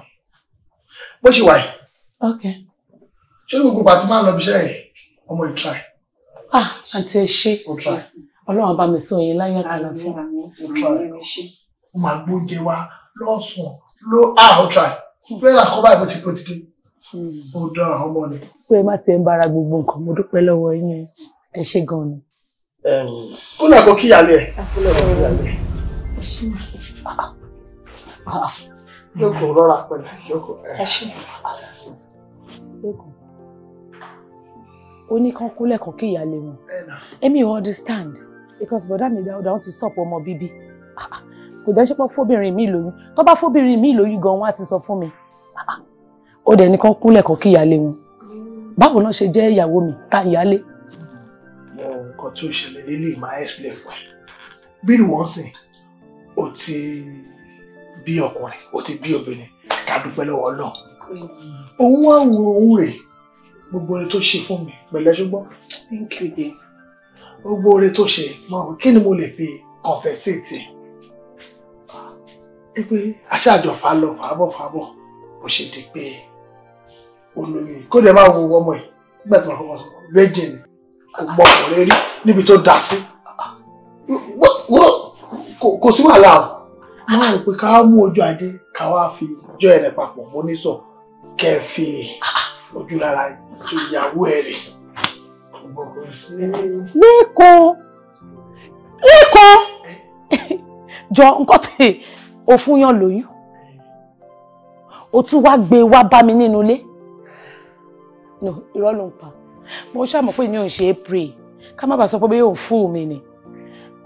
bó ṣe wà yìí. ṣé gbogbo pàtó máa ń lọ bí iṣẹ́ yìí ọmọ ìtura yìí ah àǹtí ẹ ṣé ọlọ́run bá mi sọ yín láyọ̀ àtàlàfíà. ó máa gbóúnjẹ wa lọ́sàn-án ló àhọ́ ah, try hmm. bẹ́ẹ̀ àkọ́bá ìbò ti kó ti dé hmm. ó dára ọmọ ni. pé má ti ń bára gbogbo nǹkan mo dúpẹ́ lọ́wọ́ yín ẹ ṣé gan-an ni. kó lè kó kíyàlẹ̀ ẹ̀. Ah, ah. jókòó rọra pẹ̀lú jókòó. jókòó ó ní kán kú lẹ́kọ̀ọ́ kí ìyá lè wọn èmi ò understand because bọ̀dá mi dáadáa wọ́n ti stop ọmọ bíbí kò dẹ́ ṣe pọ́ fóbìnrin mi lóyún tó bá fóbìnrin mi lóyún gan wọn á ti sọ fún mi ó dẹ̀ ní kán kú lẹ́kọ̀ọ́ kí ìyá lè wọn báwo náà ṣe jẹ́ ìyàwó mi ta ìyálé. mo nǹkan tó ṣẹlẹ̀ lílé máa explain fún ẹ bí wọ́n sìn ó ti bí ọkùnrin ó ti bí obìnrin ká lọ́wọ́ náà òun wá wo òun rèé gbogbo oore tó ṣe fún mi pẹ̀lẹ́ ṣùgbọ́n. thank you dear. gbogbo oore tó ṣe mọ pé kí ni mo lè fi compensate ẹ pé aṣáájọ fà á lọ fà á bọ̀ fà á bọ̀ bó ṣe di pé olóyún kó lè máa wo ọmọ ẹ̀ nígbà tí wọ́n fọwọ́ sọ virgin kò mọ ọ̀rẹ́ rí níbi tó dá sí kò sí wàhálà o máa rò pé ká mú ojú ajé ká wá fi jọ ẹ̀rẹ̀ papọ̀ mọ́ sọ kẹ́ ojú lára tó ìyàwó ẹ rè lẹ́kọ̀ọ́ lẹ́kọ̀ọ́ jọ nǹkan tó o fún yàn lóyún o tún wá gbé wá bá mi nínú ilé no irọ́ ló ń pa mo ṣàmọ̀ pé mi ò ṣe é pray ká má bàa sọ pé bí yóò fún mi ni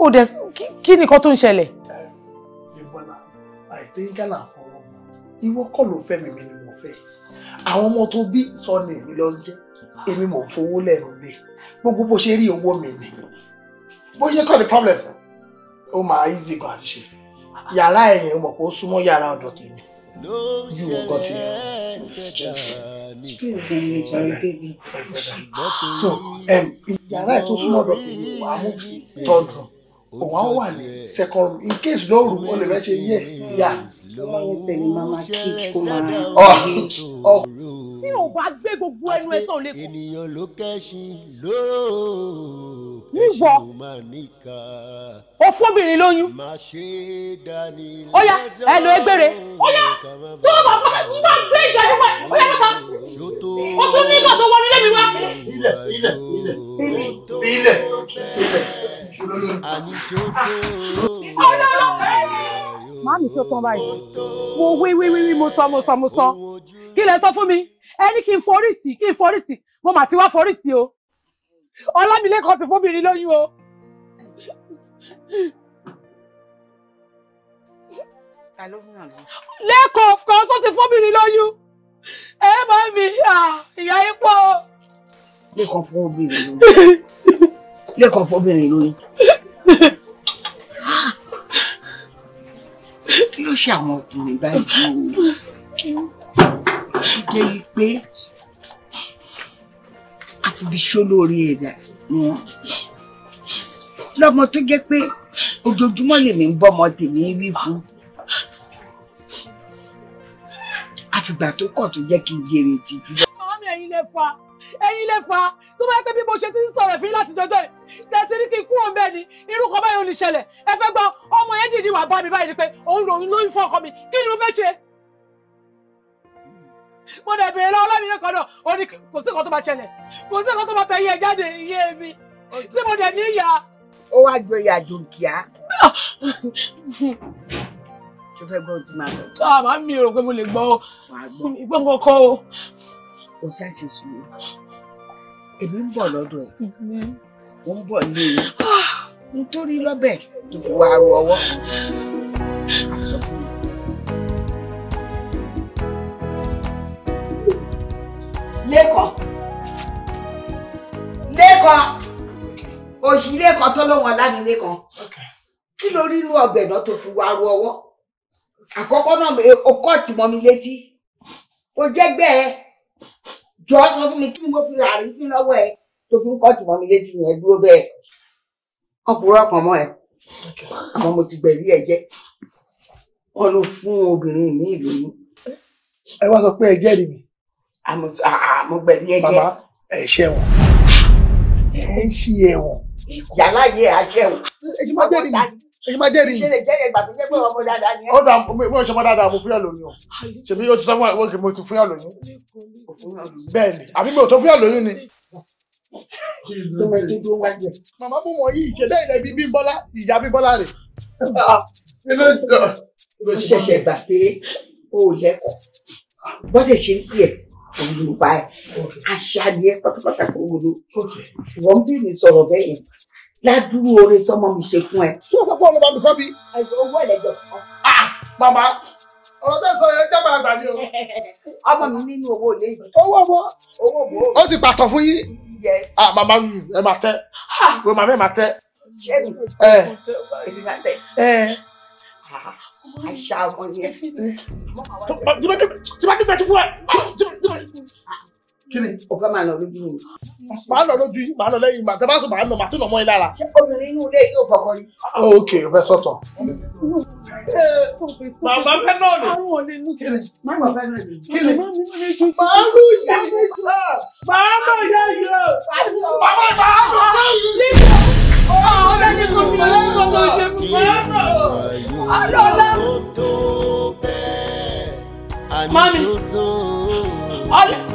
o dẹ̀ kí nìkan tó ń ṣẹlẹ̀. ìwọ kọ́ ló fẹ́ mi mi ni mo fẹ́ àwọn ọmọ tó bí sọnù èmi lọ jẹ èmi mò fowó lẹ́nu lé gbogbo bó ṣe rí owó mi ni bó ṣe kọ́ ni problem ó máa easy gan àti ṣe yàrá ẹ̀yìn mọ̀ pé ó súnmọ́ yàrá ọ̀dọ̀ tèmi yìí wọ́n gan ti so um, yàrá ẹ̀ tó súnmọ́ ọ̀dọ̀ tèmi wàá mú sí third òun á wà ní second room in case no room ó lè fẹ́ ṣe yẹ yá. ọlọ́run tẹ̀lé mama kíkì kó máa rí tí o bá gbé gbogbo ẹnu ẹ sọ̀rọ̀ lẹ́kọ̀ọ́. ènìyàn ló kẹ́sìn lóòó kẹ́sìn lóyún. má ṣe dání lẹ́jọ́ tó o bá gbé ìgbàdí wa ó yá bàtà o tún ní ìgbà tó wọlé lẹ́mi wá. ilẹ̀ ilẹ̀ ilẹ̀ ilẹ̀ ilẹ̀. Máàmì tó tán báyìí. Mo wí wí wí wí mo sọ mo sọ mo sọ. Kí lẹ sọ fún mi? Ẹ ní kí n forí tì kí n forí tì. Mo mà ti wá forí tì o. Ọlámilékan ti fóbìnrin lóyún o. Lẹ́kọ̀ọ́ kan tó ti fóbìnrin lóyún. Ẹ bá mi ìyá yín pọ̀. Lẹ́kọ̀ọ́ fún obìnrin lóyún. lẹ́kọ̀ọ́ fọ́bìnrin lóyún. kí ló ṣe àwọn ọkùnrin báyìí o jẹ́ pé àfibíṣó lórí ẹ̀dá ni wọ́n lọ́mọ tó jẹ́ pé ojoojúmọ́ lèmi ń bọ́mọ tèmi wí fún àfìgbà tó kọ̀ tó jẹ́ kí n jèrè tìjú. ọmọ mi ẹ̀yin lè fa ẹ̀yin lè fa tó bá yẹ pé bí mo ṣe ti ń sọ̀rọ̀ fún yín láti jọjọ́ yìí tẹ̀sí ní kí n kú òun bẹ́ẹ̀ ni irú kan báyìí ò ní ṣẹlẹ̀ ẹ fẹ́ gbọ́ ọmọ yẹn dìde wà bá mi báyìí ni pé òun lòun lóyún fún ọkọ mi kí ni mo fẹ́ ṣe. mo dẹ̀ bèèrè lọ́wọ́ lọ́mí lẹ́kọ̀ọ́ náà ó ní kò sí nǹkan tó máa ṣẹlẹ̀ kò sí nǹkan tó máa tẹ iye jáde iye mi tí mo dẹ̀ ní ìyá. ó wá jọ ìyá dùnkìá. tó fẹ́ gbọ́ ti máa sọ. Ah, èmi ń bọ̀ lọ́dọ̀ ẹ̀ wọ́n bọ̀ ní eyín ah! nítorí lọ́bẹ̀ tó fi wá ro ọwọ́ àsọ fún mi. lẹ́kọ̀ọ́ lẹ́kọ̀ọ́ òṣì lẹ́kọ̀ọ́ tó lóun ọ̀làmìlẹ́kọ̀ọ́ kí ló rí inú ọbẹ̀ náà tó fi wá ro ọwọ́ àkọ́kọ́ náà okọ́ tìmọ̀ mi létí kò jẹ́gbẹ́ ẹ jọ sọ fún mi kí ni mo fi rà rí fún lọ́wọ́ ẹ tó fi ń kọ́ tìmọ́ mi létí yẹn dúró bẹ́ẹ̀ wọ́n purọ́ ọkàn mọ́ ẹ àwọn mo ti gbẹ̀rí ẹ jẹ́ wọ́n ló fún obìnrin mi ìlóyún. ẹ wá sọ pé ẹ jẹ́rìí mi. àmọ́ gbẹ̀rí ẹ jẹ́. bàbá ẹ ṣẹ́wọ̀n ẹ ń ṣí ẹ̀wọ̀n. yàrá yẹ àṣẹwọ̀n. ẹ ṣe máa jẹ́rìí mi ṣe máa jẹ́rìí. ṣe lè jẹ́rìí ìgbà tó jẹ́ pé ọmọ dáadáa ni. ó dà mo ṣe ọmọ dáadáa mo fúyà lóyún o ṣèbí o ti sọ fún àwọn mo ti fúyà lóyún bẹ́ẹ̀ ni àbí mi ò tó fúyà lóyún ni. màmá mú wọn yìí ṣe lẹ́yìn ẹbí bímbọ́lá ìyá bímbọ́lá rẹ̀. mo ṣẹ̀ṣẹ̀ gbà pé o ò lẹ́kọ̀ọ́ bọ́dẹ̀ ṣe ń pè ẹ́ olùbá ẹ̀ àṣà ni ẹ pátápátá kò wúlò wọ́n bí mi sọ̀rọ̀ bẹ́ẹ̀ yẹn ládùúrú oore tọmọ mi ṣe fún ẹ. tí wọ́n sọ pé ọlọ́ba mi kọ́ bí. owó ẹ̀lẹ́jọ kan. màmá ọ̀rọ̀ tẹ́ sọ yẹn jábàrà gbà ní o. ọmọ mi nínú owó ilé yìí. owó ọmọ. owó bò ó. ó ti pàtó fún yín. yes. ah màmá ẹ máa tẹ. wẹ màmá ẹ máa tẹ. ẹ ẹ máa tẹ. ẹ àṣà àwọn yẹn. tí bá kí fẹ́ tí fún ẹ kí ni. o fẹ́ máa lọ lójú mi. màá lọ lójú yìí màá lọ lẹ́yìn màá tẹ́ bá sùn màá nà màá tún nà mọ́ yín lára. obìnrin inú ilé yóò fọkọ rí. ok o fẹ́ sọ̀tọ̀. màmá fẹ́ náà ni. kí ni màmá fẹ́ náà ni. kí ni màá lù yẹ yìí. màá lù yẹ yìí. màmá màá lù yẹ yìí. ọ̀rẹ́ mi kò fi ọ̀rẹ́ mi kò tó ṣe fún mi. ọ̀rẹ́ mi. Mami! Olha!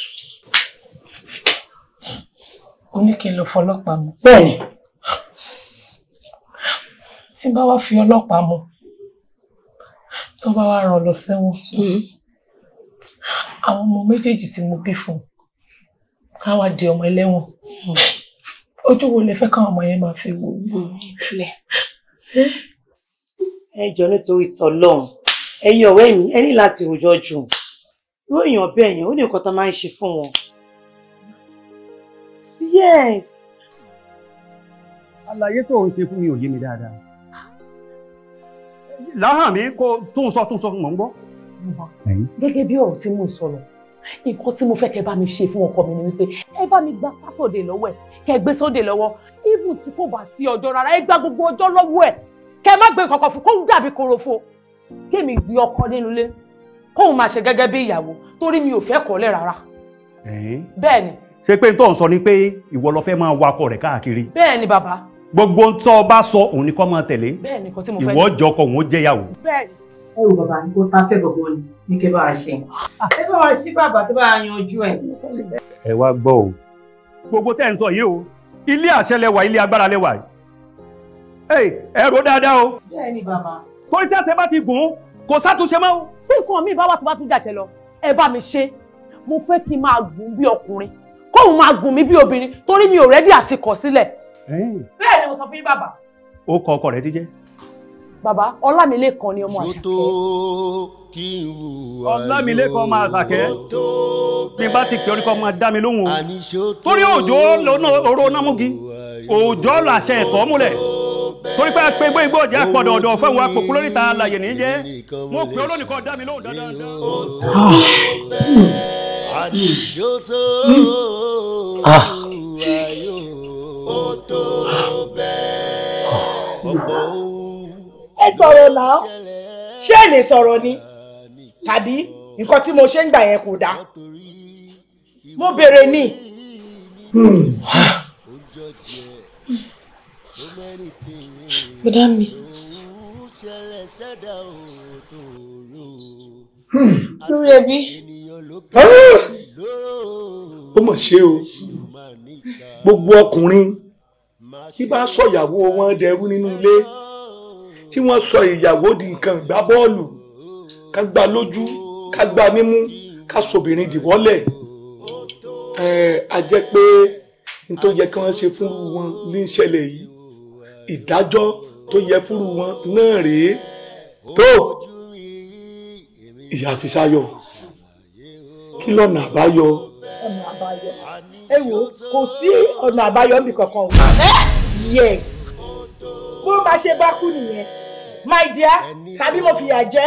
ó ní kí n lọ fọlọ́pàá mu. bẹ́ẹ̀ni. tí bá wá fi ọlọ́pàá mu tó bá wá ràn lọ sẹ́wọ̀n mm-hmm. àwọn ọmọ méjèèjì tí mo bí fún á wá di ọmọ ẹlẹ́wọ̀n ojú wo lè fẹ́ káwọn ọmọ yẹn máa fi wò ó. Hmm? ẹ nítorí tọlọ́run ẹ̀yin ọ̀rẹ́ mi ẹ ní láti rojọ́ jù irú èèyàn bẹ́ẹ̀ yẹn ó ní nǹkan tá máa ń ṣe fún wọn yes. àlàyé tó ń ṣe fún mi ò yé mi dáadáa. láhàn mi kó tó ń sọ tó ń sọ mò ń gbọ́. gẹ́gẹ́ bí ọ̀rọ̀ tí mò ń sọ̀rọ̀ nǹkan tí mo fẹ́ kẹ́ bá mi ṣe fún ọkọ mi ni wípé ẹ bá mi gba sátọ̀dẹ̀ lọ́wọ́ ẹ̀ kẹ́ gbé sóde lọ́wọ́ even tí kò bá sí ọjọ́ rárá ẹ gba gbogbo ọjọ́ lọ́wọ́ ẹ̀ kẹ́ má gbé kankan fún kóun dàbí korofo kémi di ọkọ nínú ilé kóun máa ṣe gẹ́gẹ́ bí ìyàwó torí mi ò fẹ́ kọ́lẹ̀ rárá. bẹ́ẹ̀ ṣé pé tó ń sọ ni pé ìwọ lọ fẹ́ máa wakọ̀ rẹ̀ káàkiri. bẹ́ẹ̀ ni bàbá. gbogbo ń o bá sọ òun ni kọ́ máa tẹ̀lé. bẹ́ẹ̀ ni kò tí mo fẹ́. ìwọ jọkọ òun jẹ́yàwó. bẹ́ẹ̀ ni. ẹ wo bàbá kó tá a fẹ́ gbogbo ni ní kí bá a ṣe. ẹ bá wa ṣí bàbá tó bá a yanjú ẹ. ẹ wá gbọ́ o. gbogbo tẹ́ ń sọ yìí o ilé àṣẹ lẹwà ilé agbára lẹwà yìí. ẹ rò dáadáa o. bẹ́ẹ̀ ni bàbá. torí tẹ́sẹ̀ bá ti gùn kò sátúnṣe mọ́ o. tí nǹkan mi bá wà tó bá tún dàṣẹ lọ ẹ bá mi ṣe mo fẹ́ kí n máa gùn bí ọkùnrin kóun máa gùn mí bí obìnrin torí mi ò rẹ́dí àti kọ̀ sílẹ̀. bẹ́ẹ̀ ni mo sọ fún yín bàbá. ó kọ ọkọ rẹ ti jẹ́. bàbá ọlámilékan ni ọmọ àṣàkẹ́. ọlámilékan máa ṣàkẹ́ bí n bá ti pè oríkọ máa dá mi lóhùn o torí òjò lọ́nà oró námúgi òjò lọ àṣẹ ẹ̀tọ́ múlẹ̀ torí pé pé gbé igbó ọjà pọ̀dọ̀ ọ̀dọ̀ fún ìwà pòkú lóríta àlàyé nìyẹn mo pè olónìkan dá mi lóhùn dáadáa àdìsótó ah. ayò tó bẹ́ẹ̀ ọ̀pọ̀ ohun. ẹ sọ̀rọ̀ náà ṣé ẹ lè sọ̀rọ̀ ni tàbí nǹkan tí mo ṣe ń gbà yẹn kò dáa mo béèrè ni. Hmm. bùdá mi hmm. lórí ẹbí. Ah! ó mọ̀ ṣe o gbogbo ọkùnrin tí bá sọ ìyàwó wọn dẹrú nínú ilé tí wọ́n sọ ìyàwó di nǹkan ìgbá bọ́ọ̀lù ká gba lójú ká gba mímú ká sobìnrin dìbọ́lẹ̀ a jẹ́ pé n tó yẹ kí wọ́n ṣe fún wọn ní ìṣẹ̀lẹ̀ yìí ìdájọ́ tó yẹ fúru wọn náà rèé tó ìyá fi kí lọ́nà àbáyọ. ọ̀nà àbáyọ ẹ wo kò sí ọ̀nà àbáyọ níbi kankan o. Eh! yes bó bá ṣe bá kú nìyẹn my dear tàbí mo fìyà jẹ.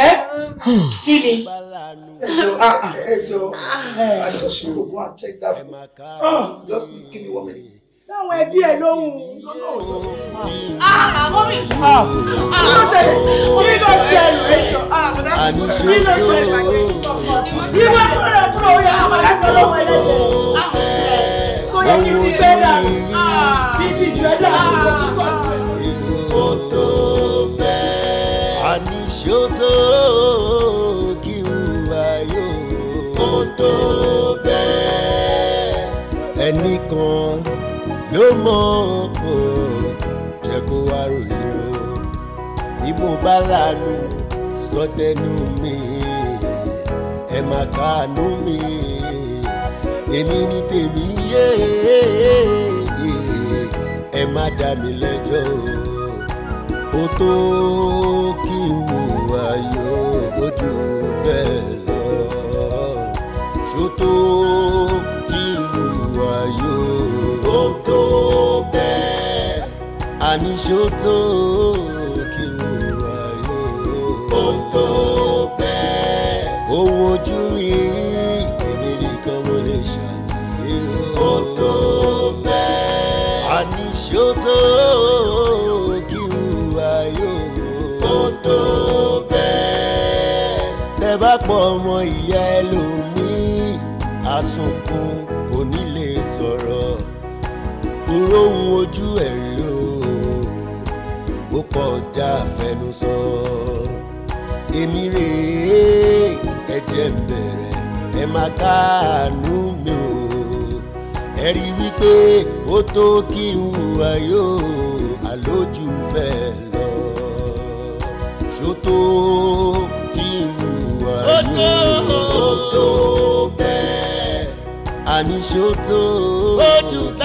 Eh? Hmm. kí ni ẹ jọ ah, ah, àjọṣe ògùn àtẹgbà ah, just kí ni wọ́n mi táwọn ẹbí ẹ lóhùn àwọn ah, mi ah, kí ló ṣẹlẹ̀ kí ló ṣẹlẹ̀ ah, kí ló ṣẹlẹ̀ kí wọ́n ti bẹ̀rẹ̀ fún òye àwọn ẹgbẹ́ lọ́wọ́ ẹlẹ́dẹ̀ẹ́ kó yẹ kí n ti gbé dànù kí n ti jẹ́ dànù kó tún kọ́ tó bẹ́ẹ̀. àníṣòtò kí n wá yóò. ó tó bẹ́ẹ̀. ẹnìkan yóò mọ o jẹ kó wá ròyìn o bí mo bá lanu sọtẹnu mi ẹ má kàánú mi èmi ni tèmi yé ẹ má dá mi lẹ́jọ́ o tó kí n wùwà yóò lójú bẹ́ẹ̀ lọ ṣó ní ṣòtò kí n wà yóò. ó tó bẹ́ẹ̀. owó ojú mi èmi nìkan mo lè ṣàlàyé. ó tó bẹ́ẹ̀. a ní ṣòtò kí n wà yóò. ó tó bẹ́ẹ̀. tẹ bá pọ̀ ọmọ ìyá ẹ ló mú àsunkún kò sọ̀rọ̀ kúrò ń ojú ẹ̀rí kọjá àfẹnusọ èmi rèé ẹ jẹ́ n bẹ̀rẹ̀ ẹ má káàánú mi o ẹ rí wípé ó tó kí n hùwà yóò àlójú bẹ́ẹ̀ lọ ṣó tó kí n hùwà yóò ó tó bẹ́ẹ̀ àní ṣó tó ó dùn.